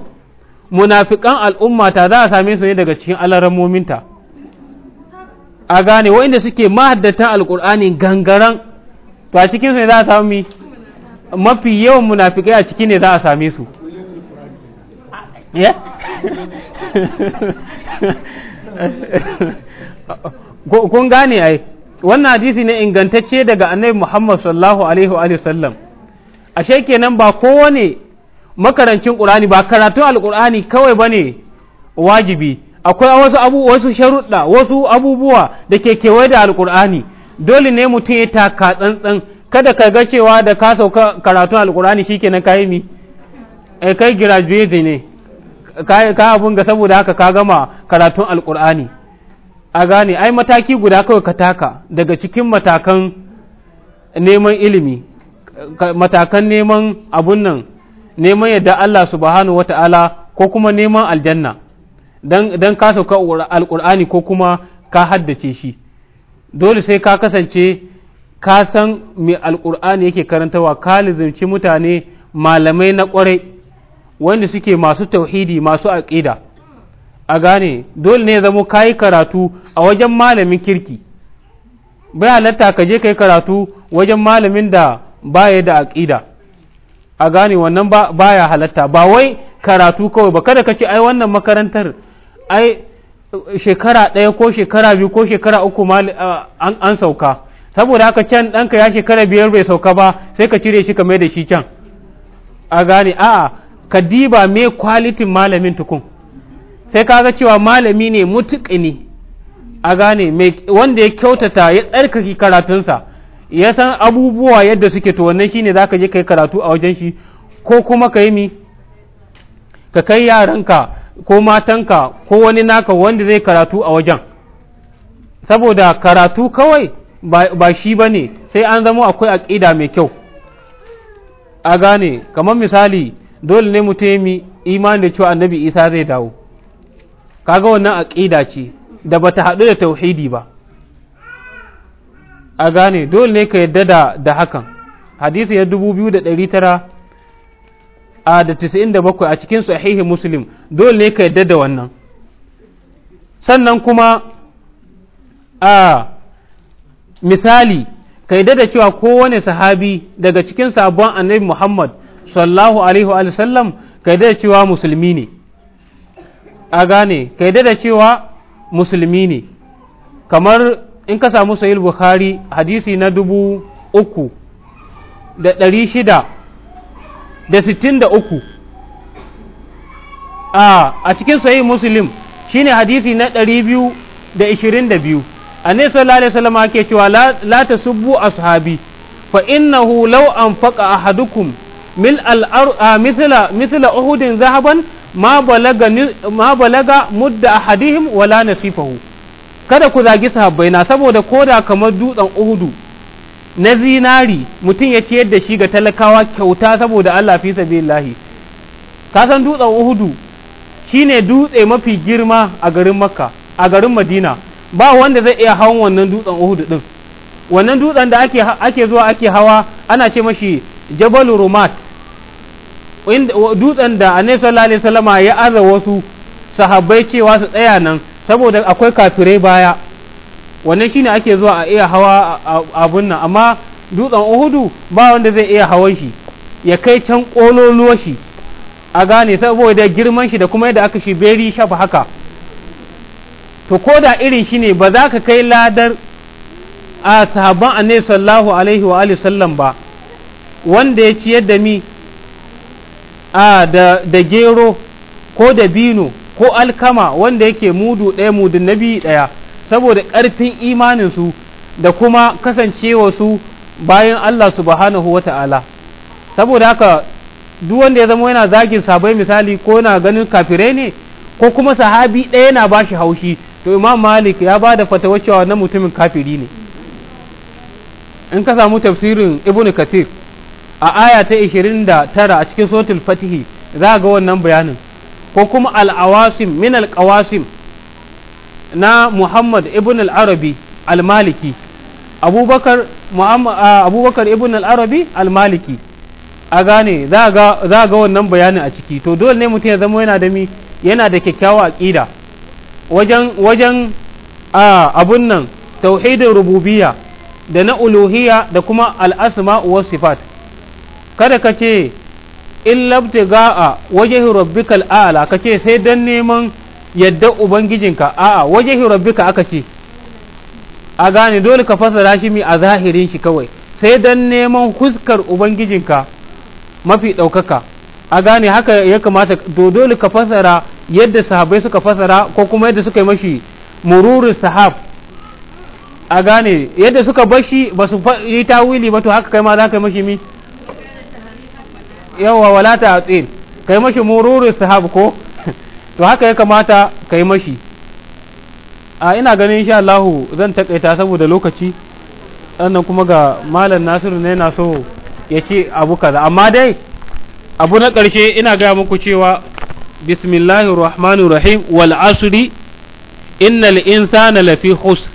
munafikan al'ummata za a same su ne daga cikin alaramominta a gane waɗanda suke mahaddata alƙur'ani gangaran to a cikin su ne za a sami mafi yawan munafikai a ciki ne za a same su eh? kun gane ai wannan hadisi ne ingantacce daga annabi Muhammad sallallahu alaihi wa sallam ashe kenan ba kowane makarancin ƙur'ani ba karatun Al-ƙur'ani kawai ba ne. wajibi akwai wasu abu wasu sharuɗa wasu abubuwa da ke kewaye da ƙurani dole ne mutum ya taka tsantsan kada ka ga cewa da ka sauka karatun alkurani shikenan kai mi eh kai graduate ne ka abun ga saboda haka ka gama karatun alkur'ani a gane ai mataki guda kawai ka taka daga cikin matakan neman ilimi matakan neman abun nan neman yadda Allah subhanahu wata'ala ko kuma neman aljanna don ka sauka alkur'ani ko kuma ka haddace shi dole sai ka kasance ka san mai Alƙur'ani yake karantawa ka lizimci mutane malamai na kwarai wanda suke masu tauhidi masu aƙida a gane dole ne zamo ka yi karatu a wajen malamin kirki bai halatta ka je ka yi karatu wajen malamin da baya da aƙida a gane wannan baya halatta ba wai karatu kawai ba kada ka ce ai wannan makarantar ai shekara ɗaya ko shekara biyu ko shekara uku an sauka saboda haka can ɗanka ya shekara biyar bai sauka ba sai ka cire shi ka mai da shi can a gane a'a ka diba me kwalitin malamin tukun sai ka ga cewa malami ne mutuƙi ne a gane wanda ya kyautata ya tsarkaki karatunsa ya san abubuwa yadda suke to wannan shine zaka je kai karatu a wajen shi ko kuma ka yi mi ka kai yaranka ko matanka ko wani naka wanda zai karatu a wajen saboda karatu kawai ba shi ba ne sai an zama akwai aƙida mai kyau a gane kamar misali dole ne mutu yi imani da cewa annabi isa zai dawo kaga wannan aƙida ce da bata haɗu da tauhidi ba a gane dole ne ka yadda da da hakan hadisi ya 2900 a da 97 a cikin sahihin musulun dole ne ka yadda da wannan sannan kuma a misali ka da cewa kowane sahabi daga cikin sabon annabi Muhammad sallallahu alaihi wa sallam ka da cewa musulmi ne a gane ka da cewa musulmi ne kamar in ka samu sahih bukhari hadisi na dubu uku da ɗari shida da sittin da uku a cikin sahih muslim shine hadisi na ɗari biyu da ishirin da biyu annabi sallallahu alaihi wasallam ake cewa la tasubbu ashabi fa innahu law anfaqa ahadukum mil al ah, mithla mithla uhudin zahaban ma balaga ma balaga mudda ahadihim wala nasifahu kada ku zagi sahabbai na saboda koda kamar dutsen uhudu na zinari mutum ya ciyar da shi ga talakawa kyauta saboda Allah fi sabilillahi ka san dutsen uhudu shine dutse mafi girma a garin makka a garin madina ba wanda zai iya hawan wannan dutsen Uhud din wannan dutsen da ake ake zuwa ake hawa ana ce mashi Jabal Rumat dutsen da Annabi sallallahu alaihi wasallama ya aza wasu sahabbai cewa su tsaya nan saboda akwai kafirai baya wannan shine ake zuwa a iya hawa abun nan amma dutsen Uhudu ba wanda zai iya hawan shi ya kai can kololuwa shi a gane saboda girman shi da kuma yadda aka shi beri shafa haka to ko da irin shi ne ba za ka kai ladar a sahabban annabi Sallahu alaihi wa alihi ba wanda ya ciyar da mi a da, gero ko da bino ko alkama wanda yake mudu ɗaya mudun nabi ɗaya saboda ƙarfin imaninsu da kuma kasancewa su bayan Allah subhanahu wa ta'ala saboda haka duk wanda ya zama yana zagin sabai misali ko na ganin kafirai ne ko kuma sahabi ɗaya yana ba shi haushi to imam malik ya ba da fatawa cewa na mutumin kafiri ne in ka samu tafsirin ibn katir a aya ta 29 a cikin sotul fatihi za ga wannan bayanin ko kuma al'awasim min al'awasim na muhammad ibn al'arabi al-maliki abubakar ibn al'arabi al-maliki a gane za ga wannan bayanin a ciki to dole ne mutum ya zama yana da mi yana da kyakkyawa aƙida wajen wajen abun nan tauhidin rububiya da na uluhiya da kuma al'asma wa sifat kada ka ce in a wajen rabbikal a'la ka ce sai don neman yadda ubangijinka a'a wajen rabbika aka ce a gane dole ka fasara shi mi a zahirin shi kawai sai don neman huskar ubangijinka mafi ɗaukaka a gane haka ya kamata dole ka fasara yadda sahabai suka fasara ko kuma yadda suka yi mashi mururin sahab a gane yadda suka bashi ba su yi tawili ba to haka kai ma za ka yi mashi mi yawa wala tsin ka kai mashi mururin sahab ko to haka ya kamata ka yi mashi a ina ganin insha Allah zan takaita saboda lokaci sannan kuma ga malam Nasiru ne na so ya ce abu kaza amma dai abu na ƙarshe ina gaya muku cewa بسم الله الرحمن الرحيم والعصر إن الإنسان لفي خسر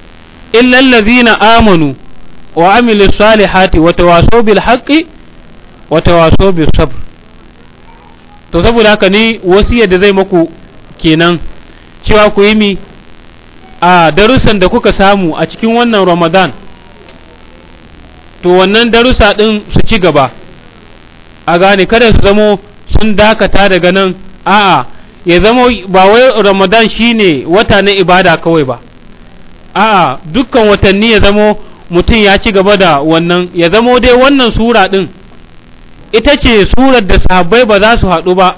إلا الذين آمنوا وعملوا الصالحات وتواصوا بالحق وتواصوا بالصبر to saboda haka ni wasiyar da zai maku kenan cewa ku yi mi a darussan da kuka samu a cikin wannan ramadan to wannan darussa din su ci gaba a gane kada su zamo sun dakata daga nan a'a ya zama ba wai ramadan shine wata na ibada kawai ba a'a dukkan watanni ya zama mutum ya ci gaba da wannan ya zama dai wannan sura din ita ce surar da sahabbai ba za su haɗu ba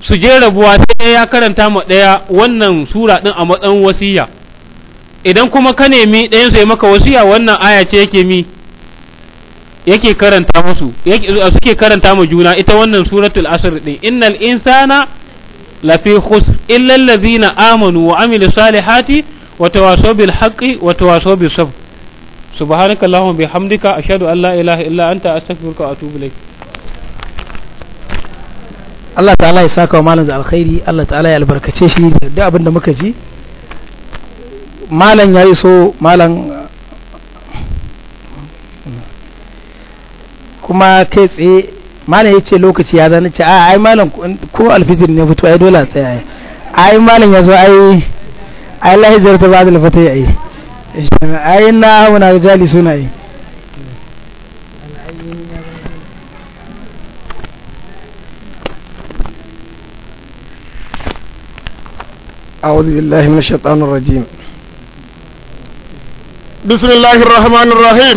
su je rabuwa sai ya karanta ma ɗaya wannan sura din a matsayin wasiya idan kuma ka nemi ɗayan sai maka wasiya wannan aya ce yake mi yake karanta musu suke karanta mu juna ita wannan suratul asr din innal insana lafi khusr illa allazina amanu wa amilu salihati wa tawasaw bil haqqi wa tawasaw bis sabr subhanakallahumma bihamdika ashhadu an la ilaha illa anta astaghfiruka wa atubu ilayk Allah ta'ala ya saka wa malam da alkhairi Allah ta'ala ya albarkace shi da abin da muka ji malam yayi so malam kuma kai tsaye malam ya ce lokaci ya zana ce a ai malam ko alfijir ne fito ai dole a tsaya ai malam ya zo ai ai lahijar ta ba da lafata ya yi ai na hau na jali suna yi أعوذ بالله من الشيطان الرجيم بسم الله الرحمن الرحيم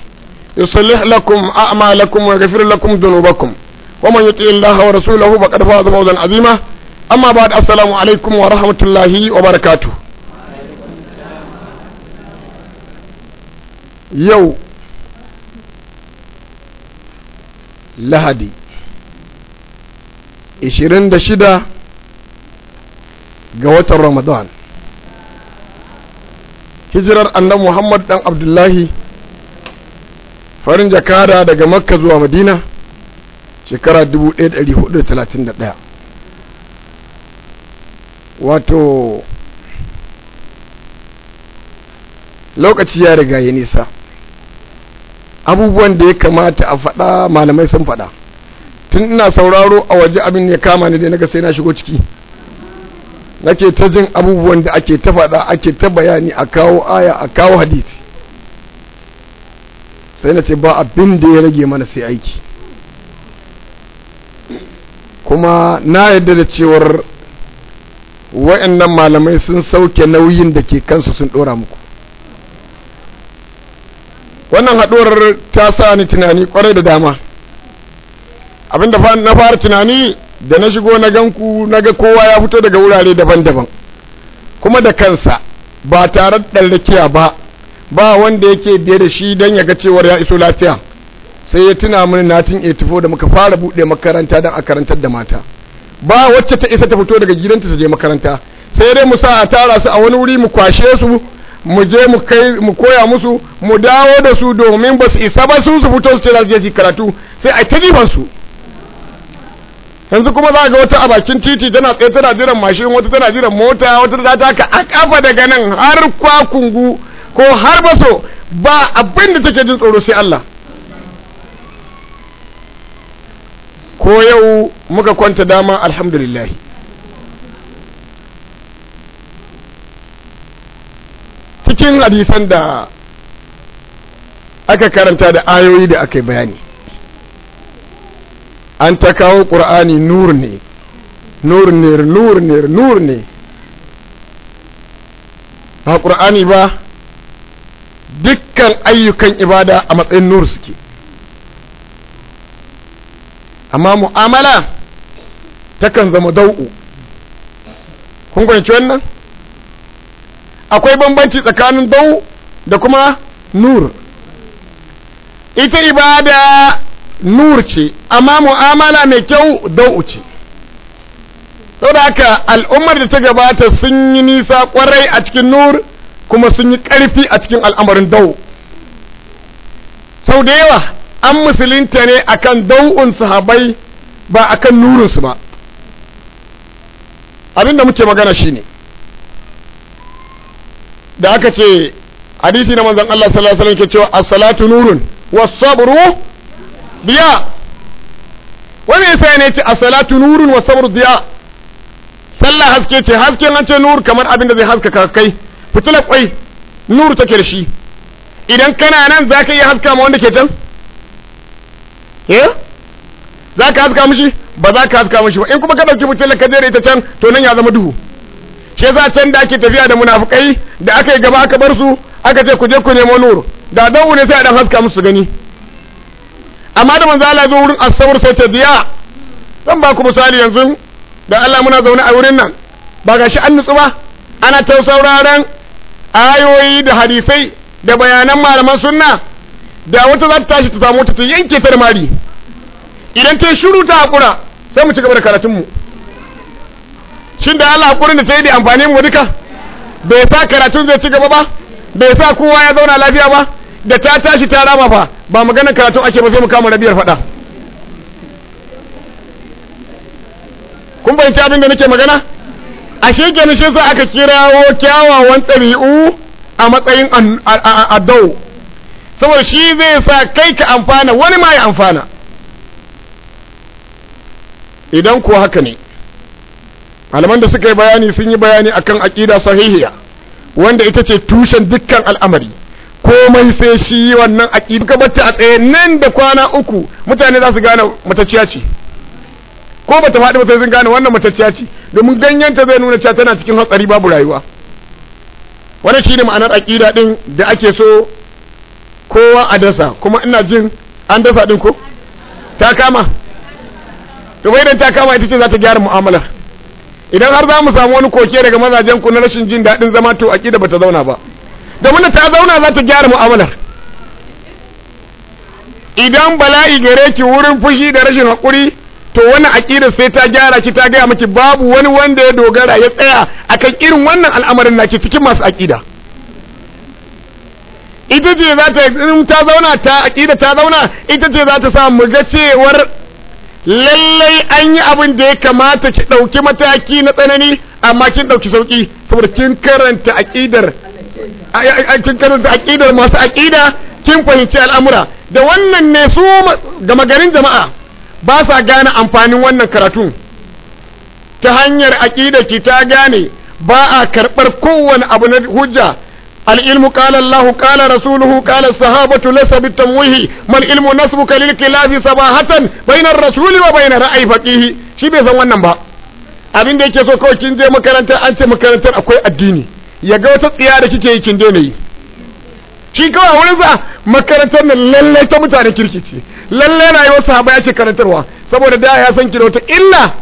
يصلح لكم أعمالكم ويغفر لكم ذنوبكم ومن يطيع الله ورسوله فقد فاز فوزا عظيما أما بعد السلام عليكم ورحمة الله وبركاته يو لهدي 26 ga watan Ramadan hijirar annabi Muhammad dan Abdullahi farin jakada daga makka zuwa madina shekara 1431 wato lokaci ya riga ya nisa abubuwan da ya kamata a fada malamai sun fada tun ina sauraro a waje abin ya kama ni da naga sai na shigo ciki nake ta jin abubuwan da ake ta fada ake ta bayani a kawo aya a kawo hadisi sai na ce ba abin da ya rage mana sai aiki kuma na yadda da cewar wa'annan malamai sun sauke nauyin da ke kansu sun ɗora muku wannan haɗuwar ta sa ni tunani kwarai da dama abinda na fara tunani da na shigo na ganku na ga kowa ya fito daga wurare daban-daban kuma da kansa ba tare da ba ba wanda yake biye da shi don ya ga cewar ya iso lafiya sai ya tuna mini natin 84 da muka fara buɗe makaranta don a karantar da mata ba wacce ta isa ta fito daga gidanta ta je makaranta sai dai mu sa a tara su a wani wuri mu kwashe su mu je mu kai mu koya musu mu dawo da su domin ba su isa ba su su fito su ce za su je karatu sai a ta jifan su yanzu kuma za ga wata a bakin titi tana tsaye tana jiran mashin wata tana jiran mota wata za ta ka a kafa daga nan har kwakungu ko har ba so ba abin da take jin tsoro sai Allah ko yau muka kwanta dama alhamdulillah cikin hadisan da aka karanta da ayoyi da aka bayani an ta kawo ƙur'ani nur ne nur ne nur ne nur ne ba ƙur'ani ba dukkan ayyukan ibada a matsayin nur suke amma mu'amala takan zama dau'u kun gwanci wannan akwai bambanci tsakanin dau da kuma nur ita ibada nur ce amma mu'amala mai kyau dau'u ce saboda haka al'ummar da ta gabata sun yi nisa kwarai a cikin nur kuma sun yi ƙarfi a cikin al'amarin dau sau da yawa an musulinta ne akan dau'un sahabai ba akan nurinsu ba abinda muke magana shi ne da aka ce hadisi na manzan Allah sallallahu alaihi wasallam ke cewa a salatu nurun wasu sabru diya wani yasa ne ce as-salatu nurun wasu sabru diya sallah haske ce hasken an ce nur kamar abin da zai haskaka kai fitilar kwai nuru take da shi idan kana nan za ka iya haska ma wanda ke can eh? za ka haska mishi ba za ka haska mishi ba in kuma ka ɗauki fitilar ka jere ita can to nan ya zama duhu shi yasa can da ake tafiya da munafukai da aka yi gaba aka bar su aka ce ku je ku nemo nur da dawo ne sai a dan haska musu gani amma da manzo Allah zo wurin asabar sai ta biya zan ba ku misali yanzu da Allah muna zaune a wurin nan ba gashi an nutsu ba ana ta ayoyi da hadisai da bayanan malaman sunna da wata za ta tashi ta samu ta yanke ta da mari idan ta shiru ta hakura sai mu ci gaba da karatunmu shin da Allah hakurin da ta yi da amfani mu duka bai sa karatun zai ci gaba ba bai sa kowa ya zauna lafiya ba da ta tashi ta rama fa ba maganar karatun ake ba sai mu kama rabiyar faɗa kun fahimci abin da nake magana a shekani shi sai aka kirawo kyawawan ɗabi'u a matsayin adau saboda shi zai sa kai ka amfana wani ma ya amfana idan ko haka ne malaman da suka yi bayani sun yi bayani akan aƙida sahihiya wanda ita ce tushen dukkan al'amari komai sai shi wannan aƙida ka bata a tsaye nan da kwana uku mutane za su gane matacciya ce ko bata faɗi ba sai sun gane wannan matacciya ce domin ganyen ta zai nuna cewa tana cikin hatsari babu rayuwa wannan shine ma'anar aqida din da ake so kowa a dasa kuma ina jin an dasa din ko ta kama to bai dan ta kama ita ce za ta gyara mu'amalar idan har za mu samu wani koke daga mazajen ku na rashin jin daɗin zama to aqida bata zauna ba domin ta zauna za ta gyara mu'amalar idan bala'i gare ki wurin fushi da rashin haƙuri to wannan akida sai ta gyara ki ta gaya miki babu wani wanda ya dogara ya tsaya akan irin wannan al'amarin naki cikin masu aqida ita ce za ta in ta zauna ta aqida ta zauna ita ce za ta sa mu ga cewar lallai an yi abin da ya kamata ki ɗauki mataki na tsanani amma kin dauki sauki saboda kin karanta aqidar kin karanta aqidar masu aqida kin fahimci al'amura da wannan ne su gama garin jama'a ba sa gane amfanin wannan karatun ta hanyar aƙidaki ta gane ba a karɓar kowane abu na hujja العلم ƙala الله ƙala رسوله قال الصحابة mal ilmu ما العلم نسبك sabahatan bainar rasuli wa وبين رأي فقيه shi bai san wannan ba abin da yake so kawai kin je makarantar an ce makarantar akwai addini ya ga wata tsiya da kike yi kin daina yi shi kawai wurin sa makarantar nan lallai ta mutane kirki ce lallai na yi wasu haɓa ya ce karantarwa saboda da ya san ki da wata illa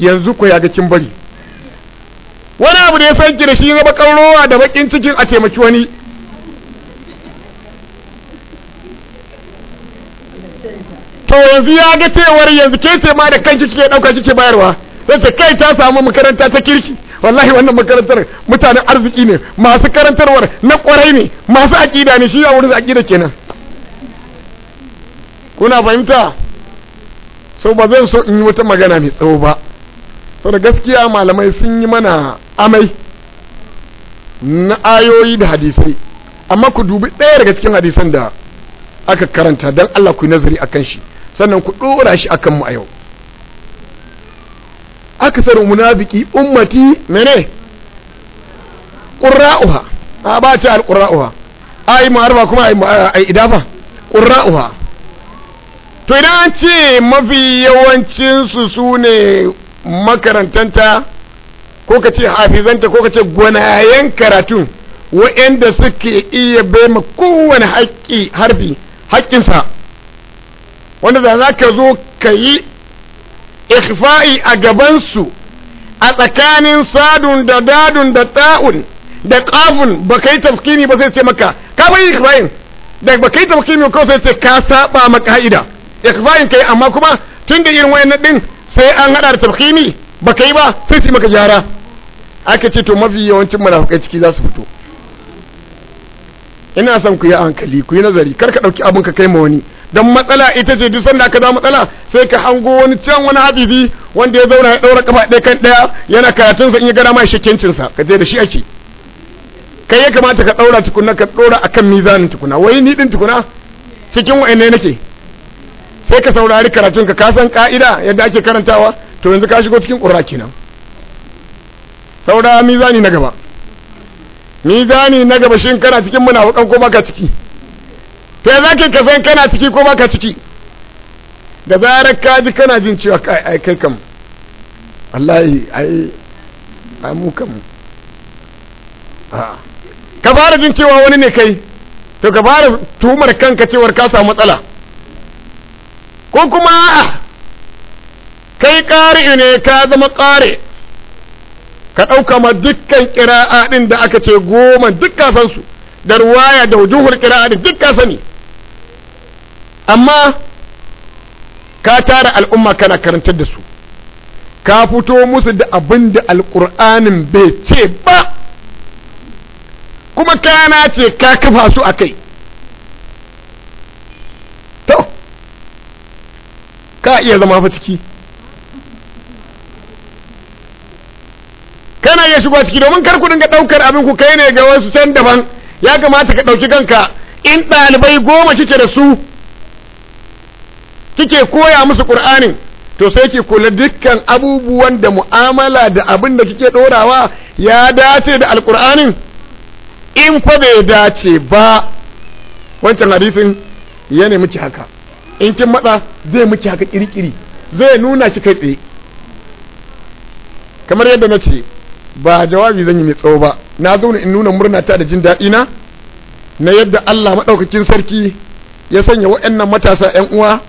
yanzu ko ya ga kin bari wani abu da ya san ki da shi ya bakar rowa da bakin cikin a taimaki wani to yanzu ya ga cewar yanzu ke ce ma da kanki kike ɗauka kike bayarwa zai kai ta samu makaranta ta kirki wallahi wannan makarantar mutanen arziki ne masu karantarwar na kwarai ne masu aƙida ne shi ya wurin aƙida kenan kuna fahimta so ba zan so in yi wata magana mai tsawo ba so da gaskiya malamai sun yi mana amai na ayoyi da hadisai amma ku dubi ɗaya daga cikin hadisan da aka karanta don Allah ku yi nazari akan shi sannan ku ɗora shi akan mu a yau akasar munafiki ummati mene qurra'uha a ba ta alqurra'uha ai ma'arfa kuma ai idafa qurra'uha to idan an ce mafi yawancinsu su ne makarantanta ko ka ce hafizanta ko ka ce gwanayen karatun wa'anda suke iya ma kowane haƙƙi harfi haƙƙinsa wanda za ka zo ka yi ikhfa'i a gabansu a tsakanin sadun da dadun da ta'un da ƙafun ba kai tafkini ba sai ce maka ka bai ikhfa'in da ba kai tafkini ko sai ce ka saba maka ka'ida ikhfa'in kai amma kuma tun da irin wayannan din sai an hada da tafkini ba kai ba sai ce maka gyara aka ce to mafi yawancin munafikai ciki za su fito ina son ku yi hankali ku yi nazari kar ka dauki abun ka kai ma wani dan matsala ita ce duk sanda aka za matsala sai ka hango wani can wani habibi wanda ya zauna ya daura kafa ɗaya kan ɗaya yana karatun sa in ya gara ma shakkencin sa ka je da shi ake kai ya kamata ka daura tukuna ka daura akan mizanin tukuna wai ni din tukuna cikin ne nake sai ka saurari karatun ka kasan ka'ida yadda ake karantawa to yanzu ka shigo cikin ƙura kenan saura mizani na gaba mizani na gaba shin kana cikin munafukan ko baka ciki ta za ka ka san kana ciki ko baka ciki da zarar ka ji kana jin cewa kai kai kam wallahi ai ai mu kam ka fara jin cewa wani ne kai to ka fara tumar kanka cewar ka samu matsala ko kuma a kai ƙari ne ka zama ƙari ka ɗauka ma dukkan ƙira'a ɗin da aka ce goma dukkan san su da ruwaya da wujuhul qira'a dukkan sani amma ka tara al'umma kana karantar da su ka fito musu da abin da alƙur'anin bai ce ba kuma kana ce ka kafa su a kai to ka iya zama fa ciki kana iya shigo ciki domin kar ku dinga ɗaukar abin ku kai ne ga wasu can daban ya kamata ka ɗauki ganka in ɗalibai goma kike da su kike koya musu ƙur'anin to sai ki kula dukkan abubuwan da mu'amala da abin da kike ɗorawa ya dace da alƙur'anin in fa bai dace ba wancan hadisin ya ne miki haka in kin matsa zai miki haka kirkiri zai nuna shi kai tsaye kamar yadda na ce ba jawabi zan yi mai tsawo ba na zauna in nuna murnata da jin daɗi na na yadda Allah maɗaukakin sarki ya sanya waɗannan matasa 'yan uwa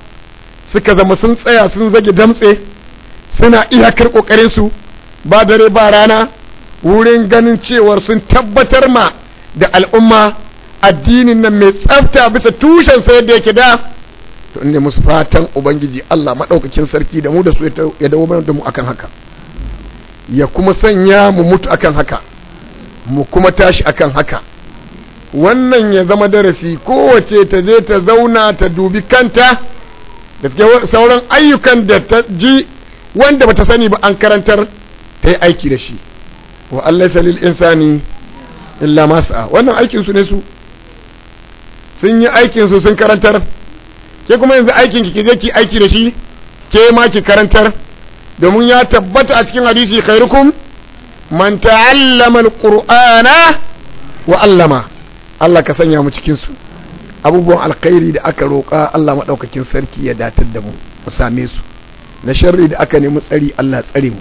suka zama sun tsaya sun zage damtse suna iyakar ƙoƙarin su ba dare ba rana wurin ganin cewar sun tabbatar ma da al'umma addinin nan mai tsafta bisa tushen sai da yake da to inda musu fatan ubangiji Allah maɗaukakin sarki da mu da su ya dawo mana da mu akan haka ya kuma sanya mu mutu akan haka mu kuma tashi akan haka wannan ya zama darasi kowace ta je ta zauna ta dubi kanta da sauran ayyukan da ta ji wanda bata sani ba an karantar ta yi aiki da shi wa Allah salil insani illa masa wannan aikin su ne su sun yi aikin su sun karantar ke kuma yanzu aikin ki je ki aiki da shi ke ma ki karantar domin ya tabbata a cikin hadisi khairukum man ta'allama alqur'ana wa allama Allah ka sanya mu cikin su abubuwan alkhairi da aka roƙa Allah madaukakin sarki ya datar da mu mu same su na sharri da aka nemi tsari Allah tsare mu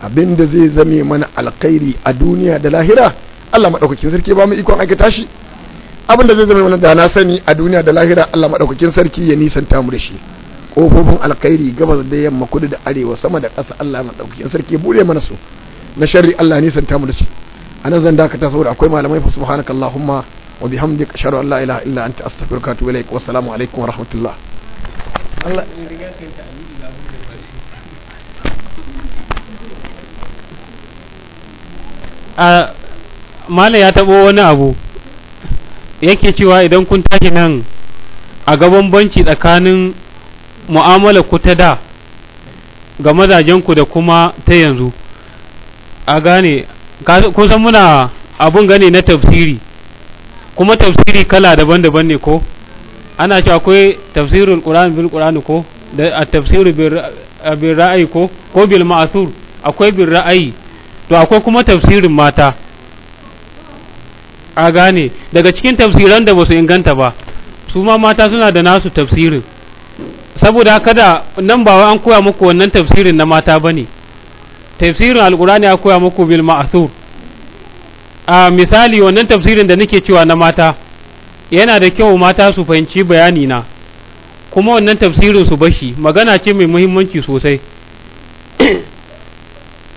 abinda zai zame mana alkhairi a duniya da lahira Allah madaukakin sarki ba mu ikon aikata tashi abinda zai zame mana da na sani a duniya da lahira Allah madaukakin sarki ya nisanta mu da shi kofofin alkhairi gabas da yamma kudu da arewa sama da ƙasa Allah madaukakin sarki bude mana su na sharri Allah ne santa mu da su anan zan dakata saboda akwai malamai fa subhanakallahumma wa bihamdika ashhadu an la ilaha illa anta astaghfiruka wa atubu ilaik wa assalamu alaikum wa rahmatullah Allah a mala ya tabo wani abu yake cewa idan kun tashi nan a ga bambanci tsakanin mu'amala ku ta da ga mazajenku da kuma ta yanzu a gane kun san muna abun gane na tafsiri kuma tafsiri kala daban-daban ne ko ana cewa akwai tafsirin qur'an bil qur'an ko da tafsiri bil ra'ayi ko ko bil ma'asur akwai bil ra'ayi to akwai kuma tafsirin mata a gane daga cikin tafsiran da basu inganta ba su ma mata suna da nasu tafsirin saboda kada nan ba an koya muku wannan tafsirin na mata bane tafsirin alkurani ya koya muku bil ma'thur a misali wannan tafsirin da nake cewa na mata yana da kyau mata su fahimci bayani na kuma wannan tafsirin su bashi magana ce mai muhimmanci sosai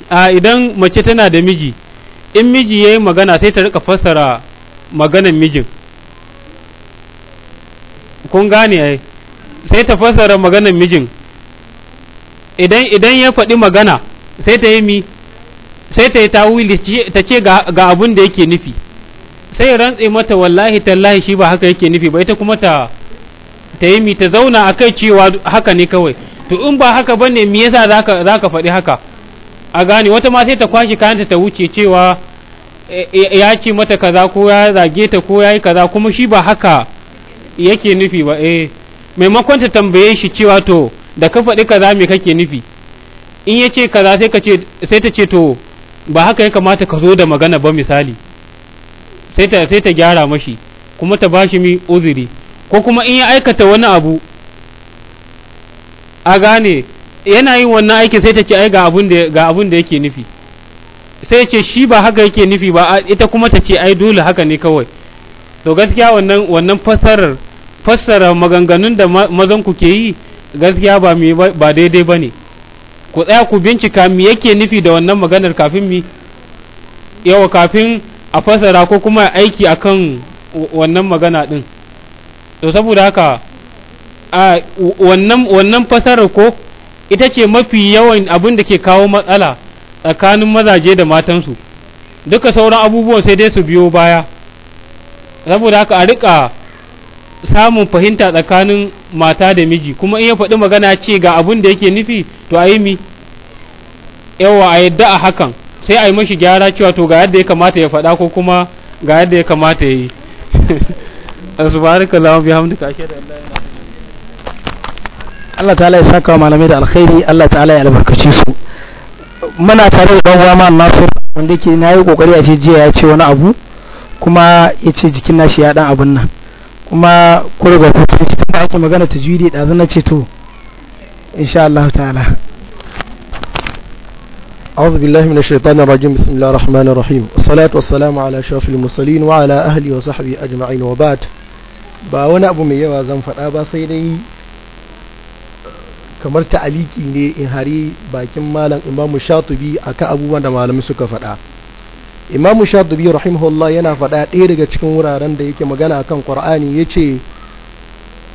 a idan mace tana da miji in miji yayi magana sai ta rika fassara maganan mijin kun gane ai sai ta fassara maganan mijin idan idan ya faɗi magana sai ta yi mi sai ta yi tawili ta ce ga abun da yake nufi sai ya rantse mata wallahi tallahi shi ba haka yake nufi ba ita kuma ta ta yi mi ta zauna a kai cewa haka ne kawai to in ba haka ba ne yasa za ka faɗi haka a gane wata ma sai ta kwashe kayanta ta wuce cewa e, e, ya ce mata kaza ko ya zage ta ko ya yi kaza kuma shi ba haka yake nufi ba eh maimakon ta tambaye shi cewa to da ka faɗi kaza me kake nufi in ya ce kaza sai ka ce sai ta ce to ba haka ya kamata ka zo da magana ba misali sai ta sai ta gyara mashi kuma ta bashi mi uzuri ko kuma in ya aikata wani abu a gane yana yin wannan aiki sai ta ce ai ga abun da ga abun da yake nufi sai ya ce shi ba haka yake nufi ba ita kuma ta ce ai dole haka ne kawai to gaskiya wannan wannan fassarar fassara maganganun da mazan ku ke yi gaskiya ba ba daidai bane ku tsaya ku bincika mi yake nufi da wannan maganar kafin mi yawa kafin a fasara ko kuma aiki akan wannan magana din to saboda haka wannan wannan fasarar ko ita ce mafi yawan abin da ke kawo matsala tsakanin mazaje da matansu duka sauran abubuwan sai dai su biyo baya saboda haka a rika samun fahimta tsakanin mata da miji kuma in ya faɗi magana ce ga abin da yake nufi to a yi mi yawa a yadda a hakan sai a yi mashi gyara cewa to ga yadda ya kamata ya faɗa ko kuma ga yadda ya kamata ya yi subhanakallahu lawan biya hamdu kashe da Allah ta'ala ya saka malamai da alkhairi Allah ta'ala ya albarkace su muna tare da ɗan ma Nasir wanda yake yi kokari a ce jiya ya ce wani abu kuma ya ce jikin nashi ya ɗan abun nan kuma kurga ta shi ta ake magana ta juyi da zana ce to insha Allah ta'ala أعوذ بالله من الشيطان الرجيم بسم الله الرحمن الرحيم والصلاة والسلام على أشرف المرسلين وعلى أهلي وصحبي أجمعين وبعد ba wani abu mai yawa zan faɗa ba sai dai kamar ta'aliki ne in hari bakin malam imamu shatubi akan abubuwan da malamai suka faɗa imam shatubi rahimahullah yana faɗa ɗaya daga cikin wuraren da yake magana akan qur'ani yace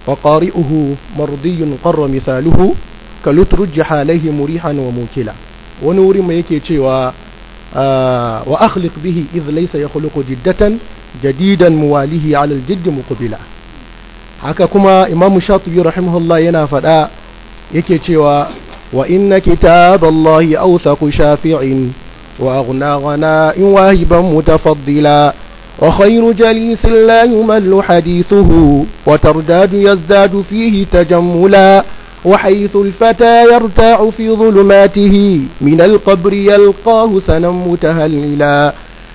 wa qari'uhu mardiyun qarra misaluhu kalutrujjaha alaihi murihan wa mukila wani wuri mai yake cewa ah, wa akhliq bihi idh laysa yakhluqu jiddatan jadidan muwalihi ala aljiddi muqbila haka kuma imam shatubi rahimahullah yana fada yake cewa wa inna kitaballahi awthaqu shafi'in وأغنى غناء واهبا متفضلا وخير جليس لا يمل حديثه وترداد يزداد فيه تجملا وحيث الفتى يرتاع في ظلماته من القبر يلقاه سنا متهللا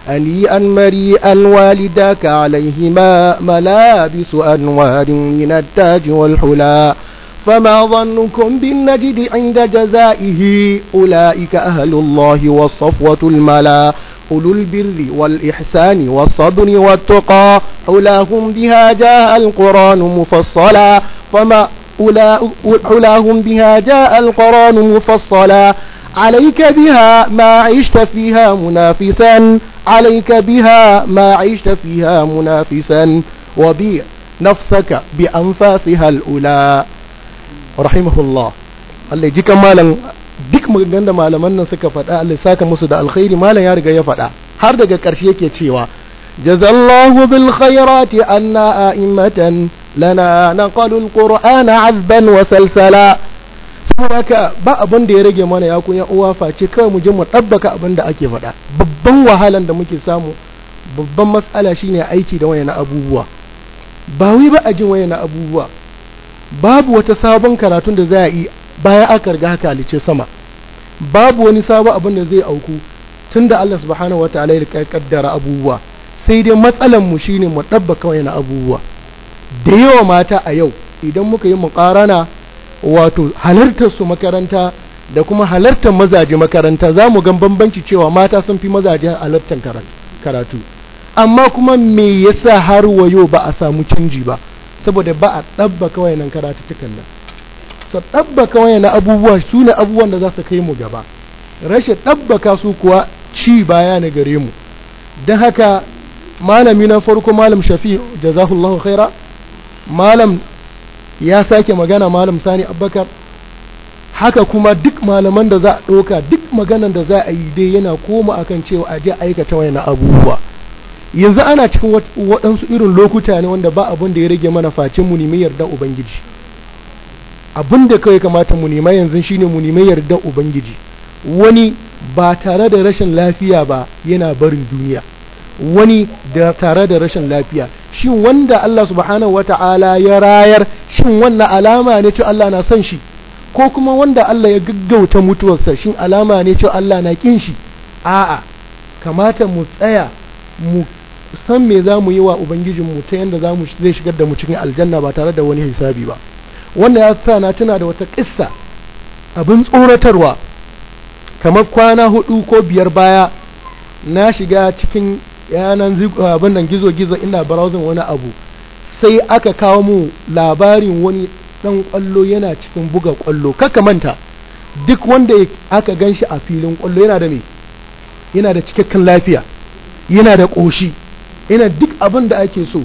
أنيئا مريئا والداك عليهما ملابس أنوار من التاج والحلا فما ظنكم بالنجد عند جزائه أولئك أهل الله والصفوة الملا أولو البر والإحسان والصبر والتقى أولاهم بها جاء القرآن مفصلا فما أولاهم بها جاء القرآن مفصلا عليك بها ما عشت فيها منافسا عليك بها ما عشت فيها منافسا وبيع نفسك بأنفاسها الأولى rahimahullah Allah ya jikan malam duk maganganun malaman nan suka faɗa Allah ya saka musu da alkhairi malam ya riga ya faɗa har daga ƙarshe yake cewa jazallahu bil khairati anna a'immatan lana naqalu alqur'ana azban wa salsala saboda ba abin da ya rage mana ya kun ya uwa face kawai mu je mu dabbaka abin da ake faɗa babban wahalan da muke samu babban matsala shine aiki da wayana abubuwa ba wai ba a jin wayana abubuwa babu wata sabon karatun da za a yi baya aka riga haka halice sama babu wani sabon abin da zai auku tun da Allah subhanahu wataala ya kaddara abubuwa sai dai matsalan mu shine mu dabba kawai na abubuwa da yawa mata a yau idan muka yi muqarana wato halartar su makaranta da kuma halartar mazaje makaranta za mu gan bambanci cewa mata sun fi mazaje halartar karatu amma kuma me yasa har wayo ba a samu canji ba saboda ba a ɗabbaka wayannan karatuttukan nan so ɗabbaka wayannan abubuwa su ne abubuwan da za su kai mu gaba rashin ɗabbaka su kuwa ci baya na gare mu don haka malami na farko malam shafi da jazahullahu khaira malam ya sake magana malam sani abbakar haka kuma duk malaman da za a ɗauka duk maganan da za a yi dai yana koma akan cewa a je aikata wayannan abubuwa yanzu ana cikin waɗansu irin lokuta ne wanda ba abin da ya rage mana facin mu nemi yarda ubangiji abin da kawai kamata mu nema yanzu shine mu nemi yarda ubangiji wani ba tare da rashin lafiya ba yana barin duniya wani da tare da rashin lafiya shin wanda Allah subhanahu wata'ala ya rayar shin wannan alama ne cewa Allah na son shi ko kuma wanda Allah ya gaggauta mutuwarsa shin alama ne cewa Allah na kin shi a'a kamata mu tsaya mu san me za mu yi wa ubangijinmu ta yadda za mu zai shigar da mu cikin aljanna ba tare da wani hisabi ba wannan ya sa na tuna da wata kissa abin tsoratarwa kamar kwana hudu ko biyar baya na shiga cikin yanan abin nan gizo-gizo ina browsing wani abu sai aka kawo mu labarin wani dan kwallo yana cikin buga kwallo kaka manta duk wanda aka gan shi a filin kwallo yana da me yana da cikakken lafiya yana da ƙoshi yana duk abin da ake so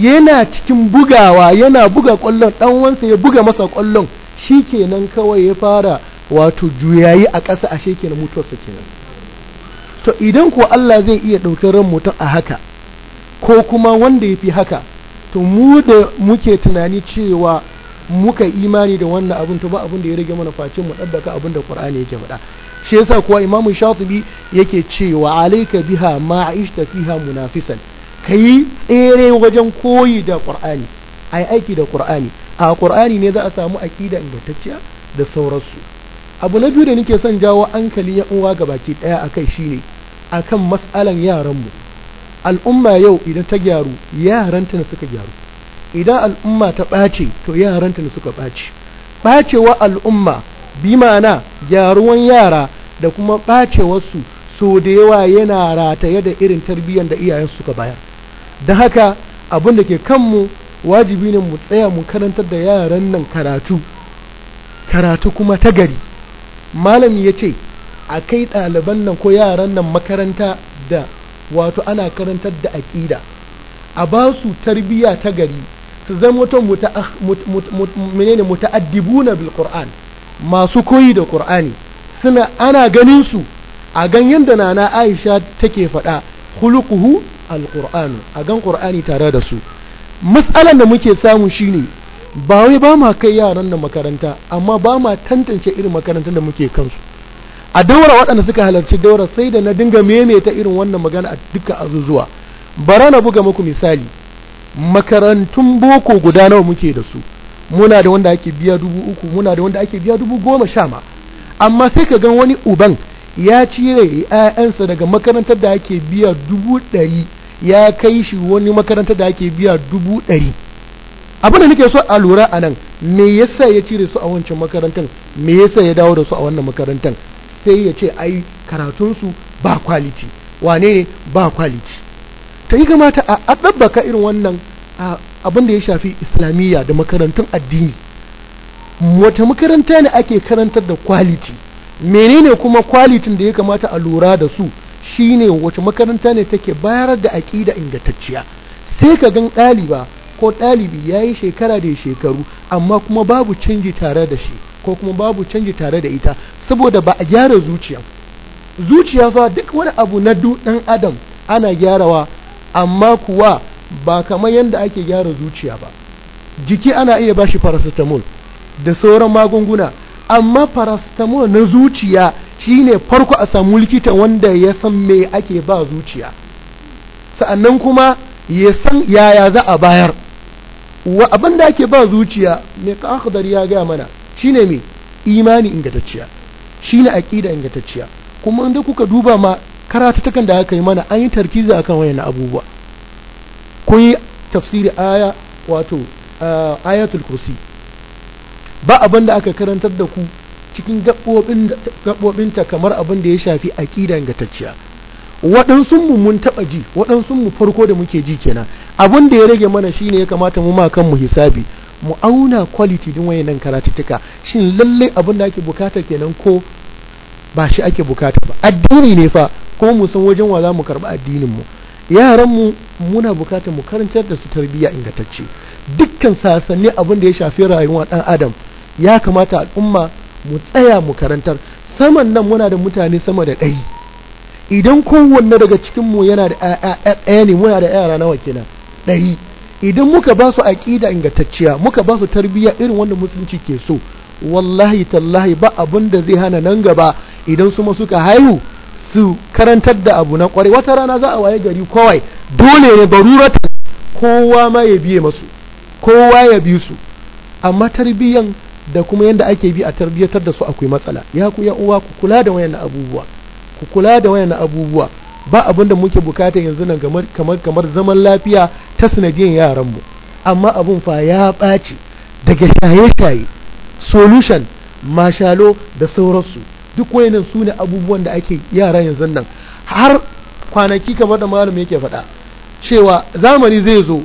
yana cikin bugawa yana buga kwallon dan wansa ya buga masa kwallon shikenan kawai ya fara wato juyayi a ƙasa ashe kenan mutuwarsa kenan to idan ko Allah zai iya ɗaukar ran mutum a haka ko kuma wanda ya fi haka to mu da muke tunani cewa muka imani da wannan abin to ba abin da ya rage mana face mu daddaka abin da Qur'ani yake faɗa shi yasa kuwa Imam Shatibi yake cewa alayka biha ma'ishta tafiha fiha munafisan ka yi tsere wajen koyi da ƙur'ani a aiki da ƙur'ani a ƙur'ani ne za a samu aƙida ingantacciya da sauransu abu na biyu da nake son jawo hankali ya uwa ga baki ɗaya a kai shine a kan matsalan yaranmu al'umma yau idan ta gyaru yaranta ne suka gyaru idan al'umma ta ɓace to yaranta ne suka ɓace ɓacewa al'umma bi mana gyaruwan yara da kuma ɓacewarsu so da yawa yana rataye da irin tarbiyyar da iyayen suka bayar don haka abin da ke kanmu wajibi ne mu tsaya mu karantar da yaran nan karatu karatu kuma ta gari malami ya ce a kai ɗaliban nan ko yaran nan makaranta da wato ana karantar da aƙida a ba su tarbiyya ta gari su zama mutum menene muta'addibuna na bilkur'an masu koyi da ƙur'ani suna ana ganin su a ganyen da nana aisha take faɗa hulukuhu. alƙur'anu a gan ƙur'ani tare da su matsalan da muke samu shine ba wai ba ma kai yaran da makaranta amma ba ma tantance irin makarantar da muke kansu a daura waɗanda suka halarci daura sai da na dinga maimaita irin wannan magana a duka azuzuwa bara na buga muku misali makarantun boko guda nawa muke da su muna da wanda ake biya dubu uku muna da wanda ake biya dubu goma sha ma amma sai ka gan wani uban ya cire 'ya'yansa daga makarantar da ake biya dubu ɗari ya kai shi wani makarantar da ake biya dubu ɗari abin da nake so a lura a nan me yasa ya cire su a wancan makarantar me yasa ya dawo da su a wannan makarantar sai ya ce ai karatunsu ba kwaliti wane ne ba kwaliti ta yi kamata a ɗabbaka irin wannan abin da ya shafi islamiyya da makarantun addini wata makaranta ne ake karantar da kwaliti menene kuma kwalitin da ya kamata a lura da su shine wace makaranta ne take bayar da aƙida ingantacciya sai ka gan ɗaliba ko ɗalibi ya yi shekara da shekaru amma kuma babu canji tare da shi ko kuma babu canji tare da ita saboda ba a gyara zuciya zuciya fa duk wani abu na dan adam ana gyarawa amma kuwa ba kamar yadda ake gyara zuciya ba jiki ana iya bashi farasitamol da sauran magunguna amma paracetamol na zuciya shine farko a samu likita wanda ya san me ake ba zuciya sa'annan kuma ya san yaya za a bayar wa abin da ake ba zuciya mai kakhdar ya gaya mana shine mai imani ingantacciya shine aƙida ingantacciya kuma inda kuka duba ma karatattakan da aka yi mana an yi a akan wayan abubuwa kun yi tafsiri aya wato ah, ayatul kursi ba abin da aka karantar da ku cikin gaɓoɓinta kamar abin da ya shafi aƙida ingantacciya waɗansu mu mun taɓa ji waɗansu mu farko da muke ji kenan abin da ya rage mana shine ya kamata mu ma mu hisabi mu auna quality din wayannan karatuttuka shin lallai abin da ake bukata kenan ko ba shi ake bukata ba addini ne fa ko mu san wajen wa za mu karɓi addinin mu yaran mu muna bukatar mu karantar da su tarbiyya ingantacce dukkan sasanni abin da ya shafi rayuwar dan adam ya kamata al'umma mu tsaya mu karantar saman nan muna da mutane sama da ɗari idan kowanne daga cikinmu yana da ɗaya ne muna da yara nawa wakila, ɗari idan muka ba su aƙida ingantacciya muka ba su tarbiyya irin wanda musulunci ke so wallahi tallahi ba abun da zai hana nan gaba idan su suka haihu su karantar da abu na kwarai wata rana za a waye gari kawai dole ne barurata kowa ma ya biye masu kowa ya bi su amma tarbiyyan da kuma yadda ake bi a tarbiyyatar da su akwai matsala ya ku uwa ku kula da wayan abubuwa ku kula da wayan abubuwa ba abin da muke bukata yanzu nan kamar kamar zaman lafiya ta sanadiyan yaran mu amma abun fa ya ɓaci daga shaye-shaye solution mashalo da sauransu duk wayannan su ne abubuwan da ake yara yanzu nan har kwanaki kamar da malam yake faɗa cewa zamani zai zo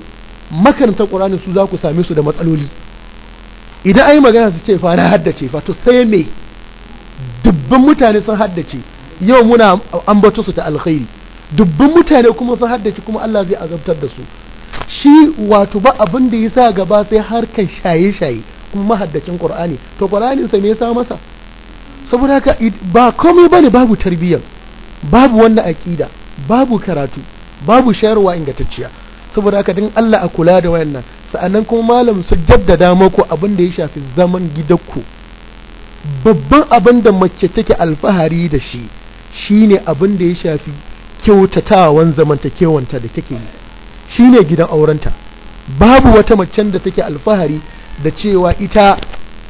makaranta ƙur'ani su za ku same su da matsaloli idan ai magana su ce fa haddace fa to sai me dubban mutane sun haddace yau muna ambato su ta alkhairi dubban mutane kuma sun haddace kuma Allah zai azabtar da su shi wato ba abin da yasa gaba sai harkan shaye-shaye kuma mahaddacin Qur'ani to Qur'anin sa me yasa masa saboda haka ba komai bane babu tarbiyyar babu wannan aqida babu karatu babu shayarwa ingantacciya saboda haka din Allah a kula da wayannan sa'annan kuma malam su jaddada maku abin da ya shafi zaman gidanku babban abin da mace take alfahari da shi shine abin da ya shafi kyautatawan kewanta da take yi shine gidan aurenta babu wata macen da take alfahari da cewa ita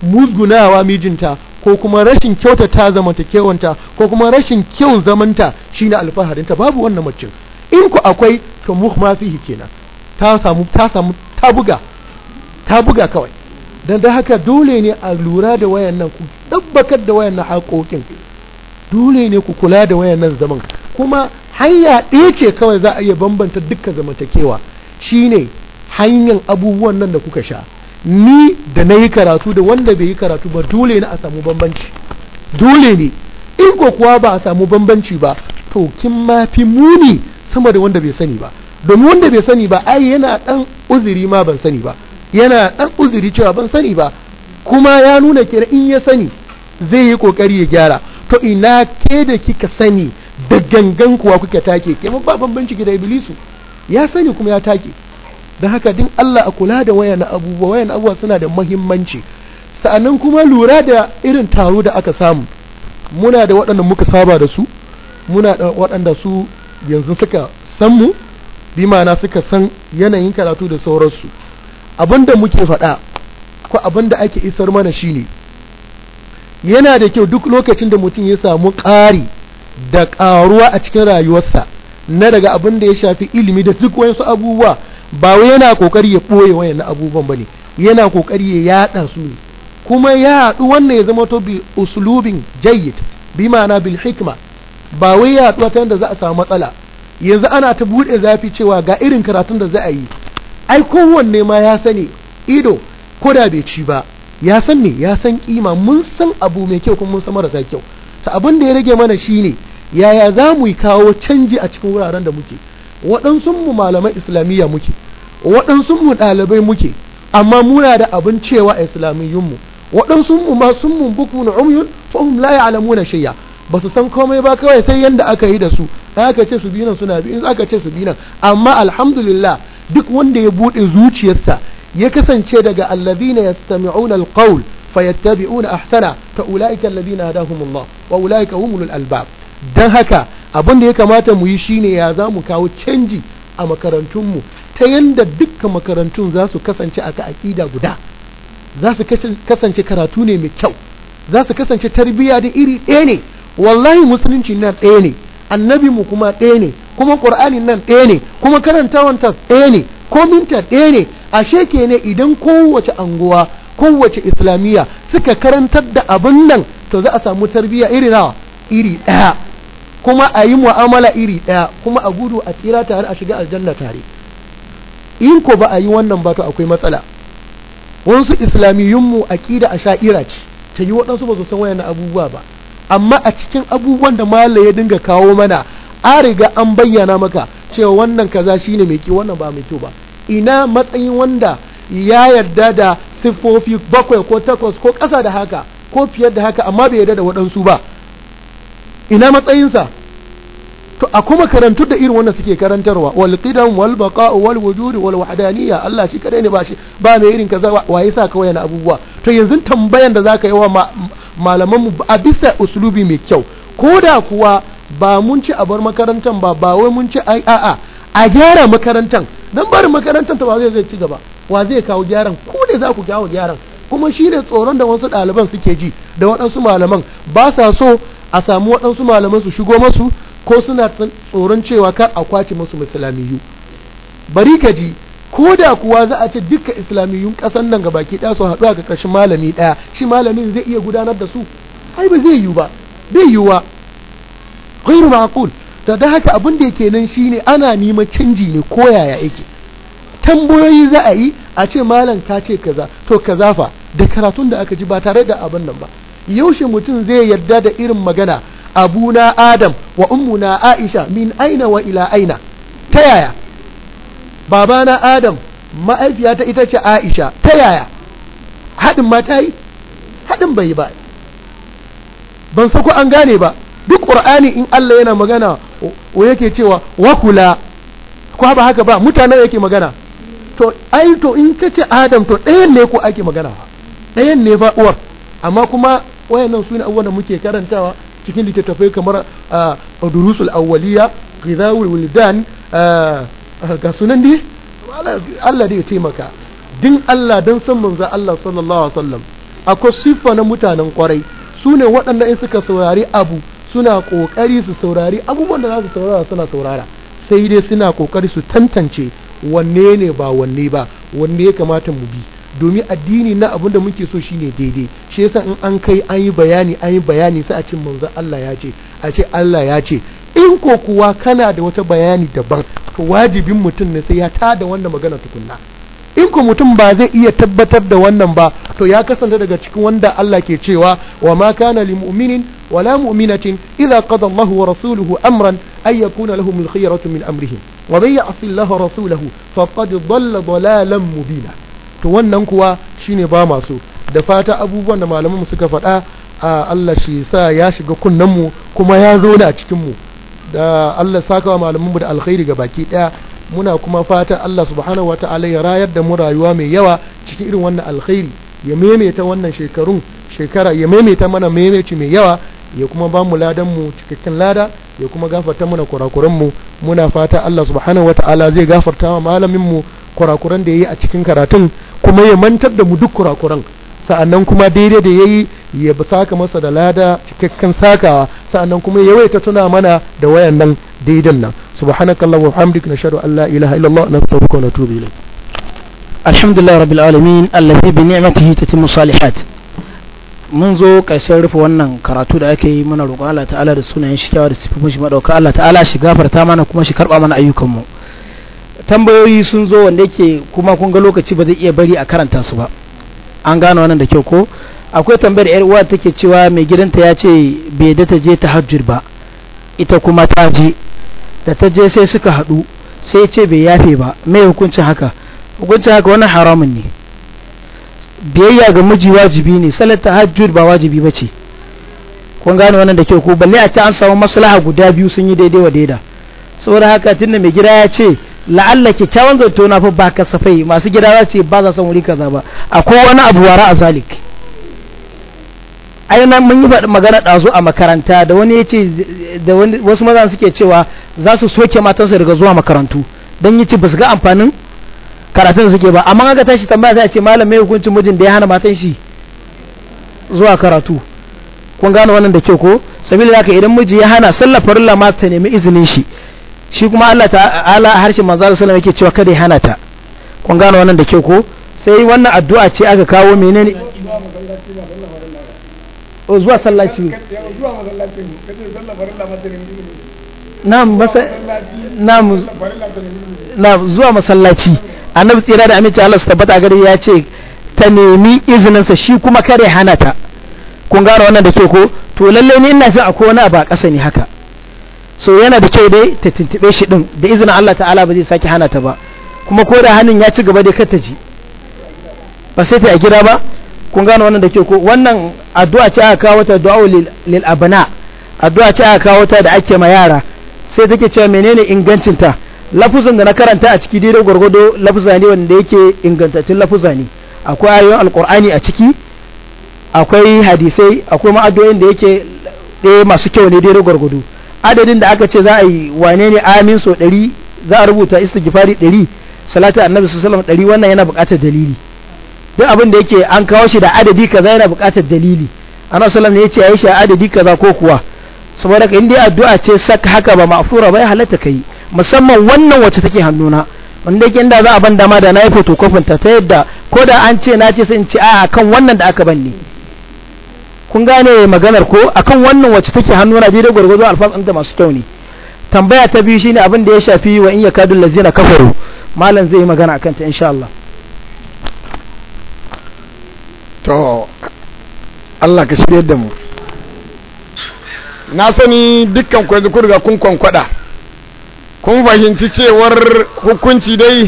musgunawa mijinta ko kuma rashin kyautata kewanta ko kuma rashin kyau zamanta shine alfaharinta babu wannan macen in ku akwai to muhma fihi kenan ta samu ta samu ta buga ta buga kawai don da haka dole ne a lura da wayan nan ku da wayan nan haƙoƙin dole ne ku kula da wayan nan zaman kuma hanya ɗaya ce kawai za a iya bambanta dukkan zamantakewa shine hanyar abubuwan nan da kuka sha ni da na yi karatu da wanda bai yi karatu ba dole ne a samu bambanci dole ne in kuwa ba a samu bambanci ba to kin ma fi muni sama da wanda bai sani ba domin wanda bai sani ba ai yana dan uzuri ma ban sani ba yana dan uzuri cewa ban sani ba kuma ya nuna kira in ya sani zai yi kokari ya gyara to ina ke da kika sani da gangan kuwa kuka take ke ba bambanci da iblisu ya sani kuma ya take don haka din Allah a kula da wayan abubuwa wayan abubuwa suna da muhimmanci sa'annan kuma lura da irin taro da aka samu muna da waɗanda muka saba da su muna da waɗanda su yanzu suka san mu bimana suka san yanayin karatu da sauransu abinda muke faɗa ko abinda ake isar mana shine yana da kyau duk lokacin da mutum ya samu ƙari da ƙaruwa a cikin rayuwarsa na daga abin da ya shafi ilimi da duk wasu abubuwa ba wai yana kokari ya ɓoye wayannan abubuwan bane yana kokari ya yaɗa su ne kuma ya haɗu wannan ya zama to bi uslubin jayyid bi ma'ana bil hikma ba wai ya haɗu ta yadda za a samu matsala yanzu ana ta buɗe zafi cewa ga irin karatun da za a yi ai kowanne ma ya sani ido ko da bai ci ba ya san ne ya san kima mun san abu mai kyau kuma mun san marasa kyau ta abin da ya rage mana shine yaya za mu yi kawo canji a cikin wuraren da muke waɗansu mu malaman islamiyya muke waɗansu mu ɗalibai muke amma muna da abin cewa a islamiyyun mu waɗansu mu ma sun mun bukun umyun fa hum la ya'lamuna shay'a ba su san komai ba kawai sai yadda aka yi da su in aka ce su binan suna bi in aka ce su binan amma alhamdulillah duk wanda ya bude zuciyarsa ya kasance daga alladhina yastami'una alqawl fayattabi'una ahsana fa ulaika alladhina hadahumullah wa ulaika humul albab dan haka abin da ya kamata mu yi shine ya za mu kawo canji a makarantunmu ta yanda dukkan makarantun za su kasance aka aƙida guda za su kasance karatu ne mai kyau za su kasance tarbiyya da iri ɗaya ne wallahi musulunci nan ɗaya ne annabi mu kuma ɗaya ne kuma ƙur'ani nan ɗaya ne kuma karantawan tas ɗaya ne ko minta ɗaya ne ashe ne idan kowace anguwa kowace islamiyya suka karantar da abin nan to za a samu tarbiyya iri nawa iri ɗaya kuma a yi mu'amala iri ɗaya kuma a gudu a tsira tare a shiga aljanna tare in ko ba a yi wannan ba to akwai matsala wasu islamiyyunmu aƙida a sha'ira ce ta yi waɗansu ba su san wayannan abubuwa ba amma a cikin abubuwan da malla ya dinga kawo mana a riga an bayyana maka cewa wannan kaza shine mai kyau wannan ba mai kyau ba ina matsayin wanda ya yarda da siffofi bakwai ko takwas ko ƙasa da haka ko fiye da haka amma bai yarda da waɗansu ba ina matsayinsa to a kuma karantu da irin wannan suke karantarwa wal qidam wal baqa wal wujud wal wahdaniyya Allah shi kadai ne ba shi ba mai irin kaza waye sa kawai yana abubuwa to yanzu tambayan da zaka yi wa malaman mu a bisa uslubi mai kyau ko da kuwa ba mun ci a bar makarantar ba ba wai mun ci a a a gyara makarantar dan barin makarantar ta ba zai zai ci gaba wa zai kawo gyaran ko ne za ku kawo gyaran kuma shi ne tsoron da wasu ɗaliban suke ji da waɗansu malaman ba sa so a samu waɗansu malaman su shigo masu ko suna tsoron cewa kar a kwace musu musulmiyu bari ka ji ko da kuwa za a ce duka islamiyun kasan nan baki ɗaya su haɗu a ƙarshen malami ɗaya shi malamin zai iya gudanar da su ai ba zai yiwu ba bai yiwuwa ghairu ma'qul da da haka abin da yake nan shine ana neman canji ne ko yaya yake tambayoyi za a yi a ce malam ka ce kaza to kaza fa da karatun da aka ji ba tare da abin nan ba yaushe mutum zai yarda da irin magana abuna adam wa ummuna aisha min aina wa ila aina ta yaya babana adam ma'aifiyata ita ce aisha ta yaya haɗin ma yi haɗin bai ba ban sako an gane ba duk ƙur'ani in Allah yana magana wa yake cewa wa kula ko ba haka ba mutanen yake magana to ai to in ka ce adam to ɗayan ne ko ake magana ɗayan ne ba uwar amma kuma wayannan su ne abubuwan da muke karantawa cikin littattafai kamar durusul awwaliya ghidawul wildan ga sunan dai Allah da ya taimaka din Allah dan san manzo Allah sallallahu alaihi wasallam akwai siffa na mutanen kwarai Sune waɗanda in suka saurari abu suna ƙoƙari su saurari abubuwan da za su saurara suna saurara sai dai suna kokari su tantance wanne ne ba wanne ba wanne ya kamata mu bi domin addini na abinda muke so shine daidai shi yasa in an kai an yi bayani an yi bayani sai a ce manzo Allah ya ce a ce Allah ya ce in ko kuwa kana da wata bayani daban to wajibin mutum ne sai ya tada wannan magana tukunna in ko mutum ba zai iya tabbatar da wannan ba to ya kasance daga cikin wanda Allah ke cewa wa ma kana lil mu'minin wala mu'minatin idza qada Allahu wa rasuluhu amran ay yakuna al khiyaratu min amrihim wa may ya'si Allaha rasulahu faqad dhalla dhalalan mubina to wannan kuwa shine ba masu da fata abubuwan da mu suka faɗa a Allah shi sa ya shiga mu kuma ya zo da a mu da Allah saka wa malamanmu da alkhairi ga baki ɗaya muna kuma fata Allah subhanahu wa ta'ala ya rayar da mu rayuwa mai yawa cikin irin wannan alkhairi ya maimaita wannan shekarun shekara ya maimaita mana maimaici mai yawa ya kuma ba mu ladan mu cikakken lada ya kuma gafarta mana kurakuran mu muna fata Allah subhanahu wa ta'ala zai gafarta wa malamin mu kurakuran da ya yi a cikin karatun kuma ya mantar da mu duk kurakuran sa'annan kuma daidai da ya yi ya saka masa da lada cikakken sakawa sa'annan kuma ya yawaita tuna mana da wayan nan daidan nan subhanakallahu wa hamdik nashhadu an la ilaha illallah sauka na tubi ne alhamdulillah rabbil alamin allazi bi ni'matihi tatimmu salihat mun zo ƙarshen rufe wannan karatu da ake yi mana roƙon Allah ta'ala da sunayen shi kyawa da sifofin shi madauka Allah ta'ala shi gafarta mana kuma shi karba mana ayyukan mu tambayoyi sun zo wanda yake kuma kun ga lokaci ba zai iya bari a karanta su ba an gano wannan da kyau ko akwai tambayar yar uwa take cewa mai gidanta ya ce bai da ta je tahajjud ba ita kuma ta je da ta je sai suka haɗu sai ce bai yafe ba mai hukuncin haka hukuncin haka wani haramun ne biyayya ga miji wajibi ne salat tahajjud ba wajibi ba kun gano wannan da kyau ko balle a ci an samu maslaha guda biyu sun yi daidai wa daida saboda haka tunda mai gida ya ce la'allaki kyakkyawan zato na fa ba kasafai masu gida za ce ba za san wuri kaza ba akwai wani abu wara a zalik ai nan mun yi faɗi magana ɗazu a makaranta da wani ya ce da wasu mazan suke cewa za su soke matansa daga zuwa makarantu don yi ci ba su ga amfanin karatun suke ba amma aka tashi tambaya sai a ce malam mai hukuncin mijin da ya hana matan shi zuwa karatu kun gane wannan da kyau ko sabila haka idan miji ya hana sallar farilla ma ta nemi izinin shi shi kuma Allah ala harshen manzo Allah sallallahu yake cewa kada ya hana ta kun gano wannan da kyau ko sai wannan addu'a ce aka kawo menene o oh, zuwa sallaci na zuwa masallaci annabi tsira da aminci Allah su tabbata gare ya ce ta nemi sa shi kuma kare hana ta kun gano wannan da ke ko to lallai ni ina jin akwai wani abu a ƙasa ne haka so yana da kyau dai ta tuntube shi din da izinin Allah ta'ala ba zai sake hana ta ba kuma ko da hannun ya ci gaba dai ta ji ba sai ta a gida ba kun gane wannan da kyau ko wannan addu'a ce aka kawo ta du'a lil abna addu'a ce aka kawo ta da ake ma yara sai take cewa menene ingancin ta lafuzan da na karanta a ciki daidai gwargwado lafuza ne wanda yake ingantattun lafuza ne akwai ayoyin alkur'ani a ciki akwai hadisai akwai ma'adoyin da yake ɗaya eh, masu kyau ne daidai gwargwado adadin da aka ce za a yi wane ne amin so ɗari za a rubuta istighfari ɗari salatu annabi salam ɗari wannan yana buƙatar dalili duk abin da yake an kawo shi da adadi kaza yana buƙatar dalili ana salam ne ya ce a yi shi a adadi kaza ko kuwa saboda ka inda addu'a ce saka haka ba ma'fura ba ya halatta kai musamman wannan wacce take hannuna wanda yake inda za a ban dama da na yi fotokofin ta ta yadda ko da an ce na ce sai in ce a kan wannan da aka ban ne kun gane maganar ko akan wannan wacce take na daidai gwargwado alfaz da masu kyau ne tambaya ta biyu shine abin da ya shafi wa in yakadul lazina kafaru malam zai yi magana akan ta insha Allah to Allah ka shirye da mu na sani dukkan ku yanzu kun riga kun kwankwada kun fahimci cewar hukunci dai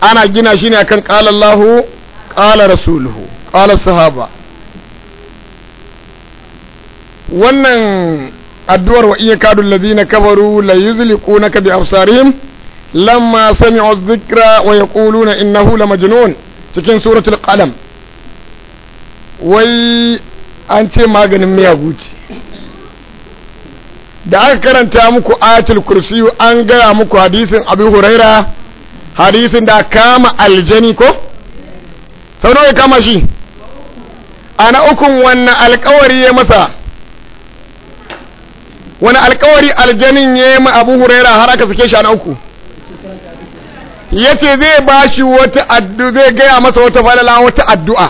ana gina shi ne akan qala Allahu qala rasuluhu qala sahaba wannan addu'ar wa iya kadun kabaru la yuzliku na kabi absarihim lamma sami'u zikra wa yaquluna innahu la majnun cikin suratul qalam wai an ce maganin miyagu ce da aka karanta muku ayatul kursi an gaya muku hadisin abu huraira hadisin da kama aljani ko sau nawa kama shi ana ukun wannan alkawari ya masa wani alkawari aljanin ya yi ma abu huraira har aka sake shi a uku ya zai ba shi wata addu'a zai gaya masa wata falala wata addu'a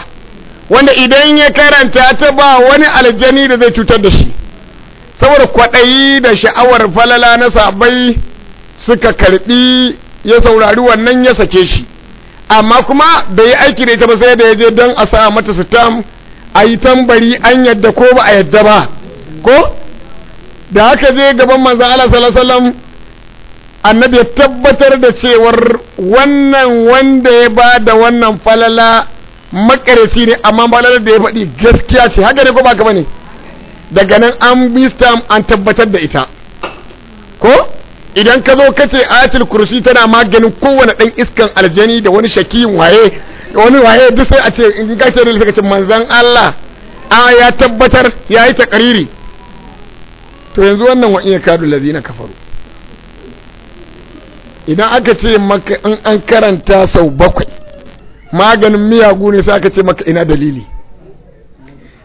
wanda idan ya karanta ta ba wani aljani da zai cutar da shi saboda kwaɗayi da sha'awar falala na sabai suka karɓi ya saurari wannan ya sake shi amma kuma bai yi aiki da ita ba sai da ya je don a sa mata sitam a yi tambari an yadda ko ba a yadda ba ko da aka je gaban manzan Allah sallallahu alaihi annabi ya tabbatar da cewar wannan wanda ya ba da wannan falala makareci ne amma falalar da ya faɗi gaskiya ce haka ne ko ba ka bane daga nan an bi stamp an tabbatar da ita ko idan ka zo ka ce ayatul kursi tana maganin kowane dan iskan aljani da wani shaki waye wani waye duk sai a ce in ka ce ne sai ka ce manzan Allah a ya tabbatar yayi yi takariri to yanzu wannan wa iya kadu lazina kafaru idan aka ce maka in an karanta sau bakwai maganin miyagu ne sai aka ce maka ina dalili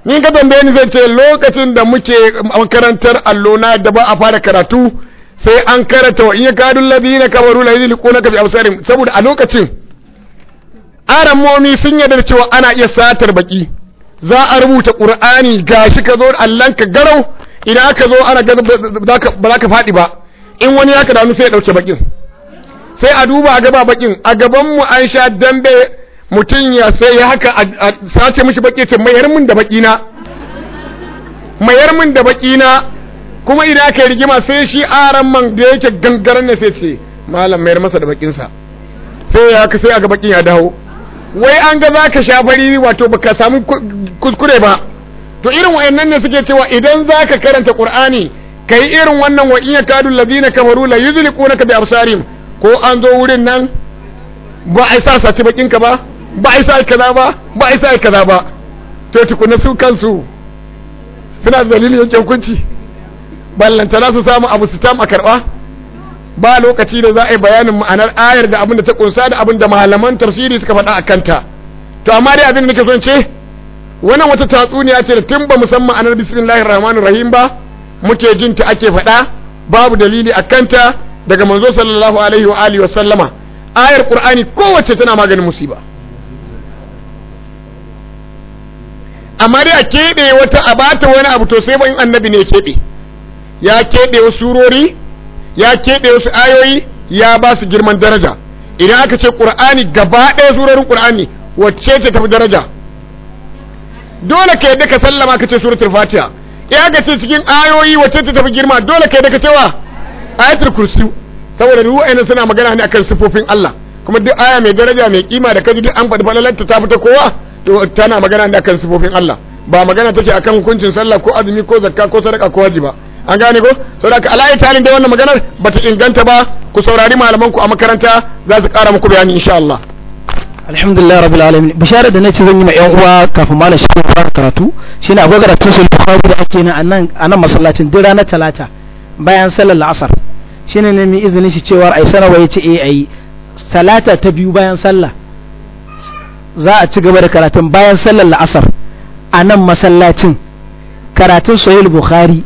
ni ka tambaye ni zai ce lokacin da muke makarantar allona da ba a fara karatu sai an karanta wa iya kadun ladina kafaru la yadil na kafi absarim saboda a lokacin aran momi sun yarda cewa ana iya satar baki za a rubuta qur'ani gashi ka zo ka garau idan aka zo ana ga ba za ka faɗi ba in wani ya ka danu sai ya ɗauke bakin sai a duba a gaba bakin a gabanmu an sha dambe mutum ya sai ya haka a sace mishi baki ce mayar mun da bakina mayar mun da bakina kuma idan aka rigima sai shi aran man da yake gangaren ne sai ce malam mayar masa da bakinsa sai ya haka sai ga bakin ya dawo wai an ga zaka sha fari wato baka samu kuskure ba to irin wayannan ne suke cewa idan zaka karanta qur'ani kai irin wannan wa in yakadu allazina kafaru la yuzliqunaka bi absarihim ko an zo wurin nan ba a isa sace bakin ka ba ba a sa kaza ba ba a sa kaza ba to tukuna su kansu suna dalilin yake hukunci za su samu abu su tam a karba ba lokaci da za a yi bayanin ma'anar ayar da abin da ta kunsa da abin da malaman tafsiri suka faɗa a kanta to amma dai abin da nake son ce wannan wata tatsuniya ce da tun ba musamman anar bismillahir rahmanir rahim ba muke jin ta ake faɗa babu dalili a kanta daga manzo sallallahu alaihi wa alihi wa sallama ayar qur'ani kowace tana maganin musiba amma dai a keɓe wata a bata wani abu to sai in annabi ne keɓe ya keɓe wasu surori ya keɓe wasu ayoyi ya ba su girman daraja idan aka ce qur'ani gaba ɗaya surorin qur'ani wacce ce tafi daraja dole ka yadda ka sallama ka ce suratul fatiha ya ga ce cikin ayoyi wacce ta tafi girma dole ka yadda ka cewa ayatul kursi saboda duk wa'annan suna magana ne akan sifofin Allah kuma duk aya mai daraja mai kima da kaji duk an faɗi falalarta ta fita kowa to tana magana ne akan sifofin Allah ba magana take akan hukuncin sallah ko azumi ko zakka ko sadaka ko wajiba an gane ko saboda haka ala'ayi talin da wannan maganar bata inganta ba ku saurari malaman ku a makaranta za su ƙara muku bayani insha Allah alhamdulillah rabbil alamin bishara da nace zan yi ma yan uwa kafin malam shi fara karatu shine akwai karatun sul bukhari da ake nan anan anan masallacin duk ranar talata bayan sallar la'asar shine ne mai izinin shi cewa ai sanarwa yace eh ai talata ta biyu bayan sallah za a ci gaba da karatun bayan sallar la'asar a nan masallacin karatun sahih bukhari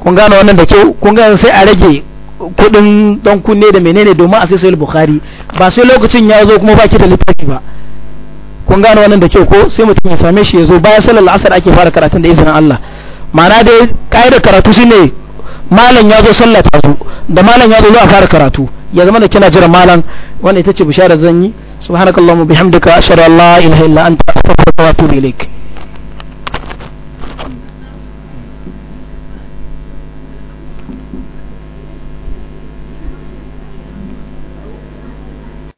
kun gane wannan da kyau kun gane sai a rage kudin dan kunne da menene domin a sai bukhari ba sai lokacin ya zo kuma baki da littafi ba kun gano wannan da kyau ko sai mutum ya same shi ya zo bayan sallar asar ake fara karatun da izinin Allah ma'ana dai ka'idar karatu shine malam ya zo sallah ta zo da malam ya zo a fara karatu ya zama da kina jira malam wannan ita ce bishara zan yi subhanakallahumma bihamdika ashhadu an la ilaha illa anta astaghfiruka wa atubu ilaik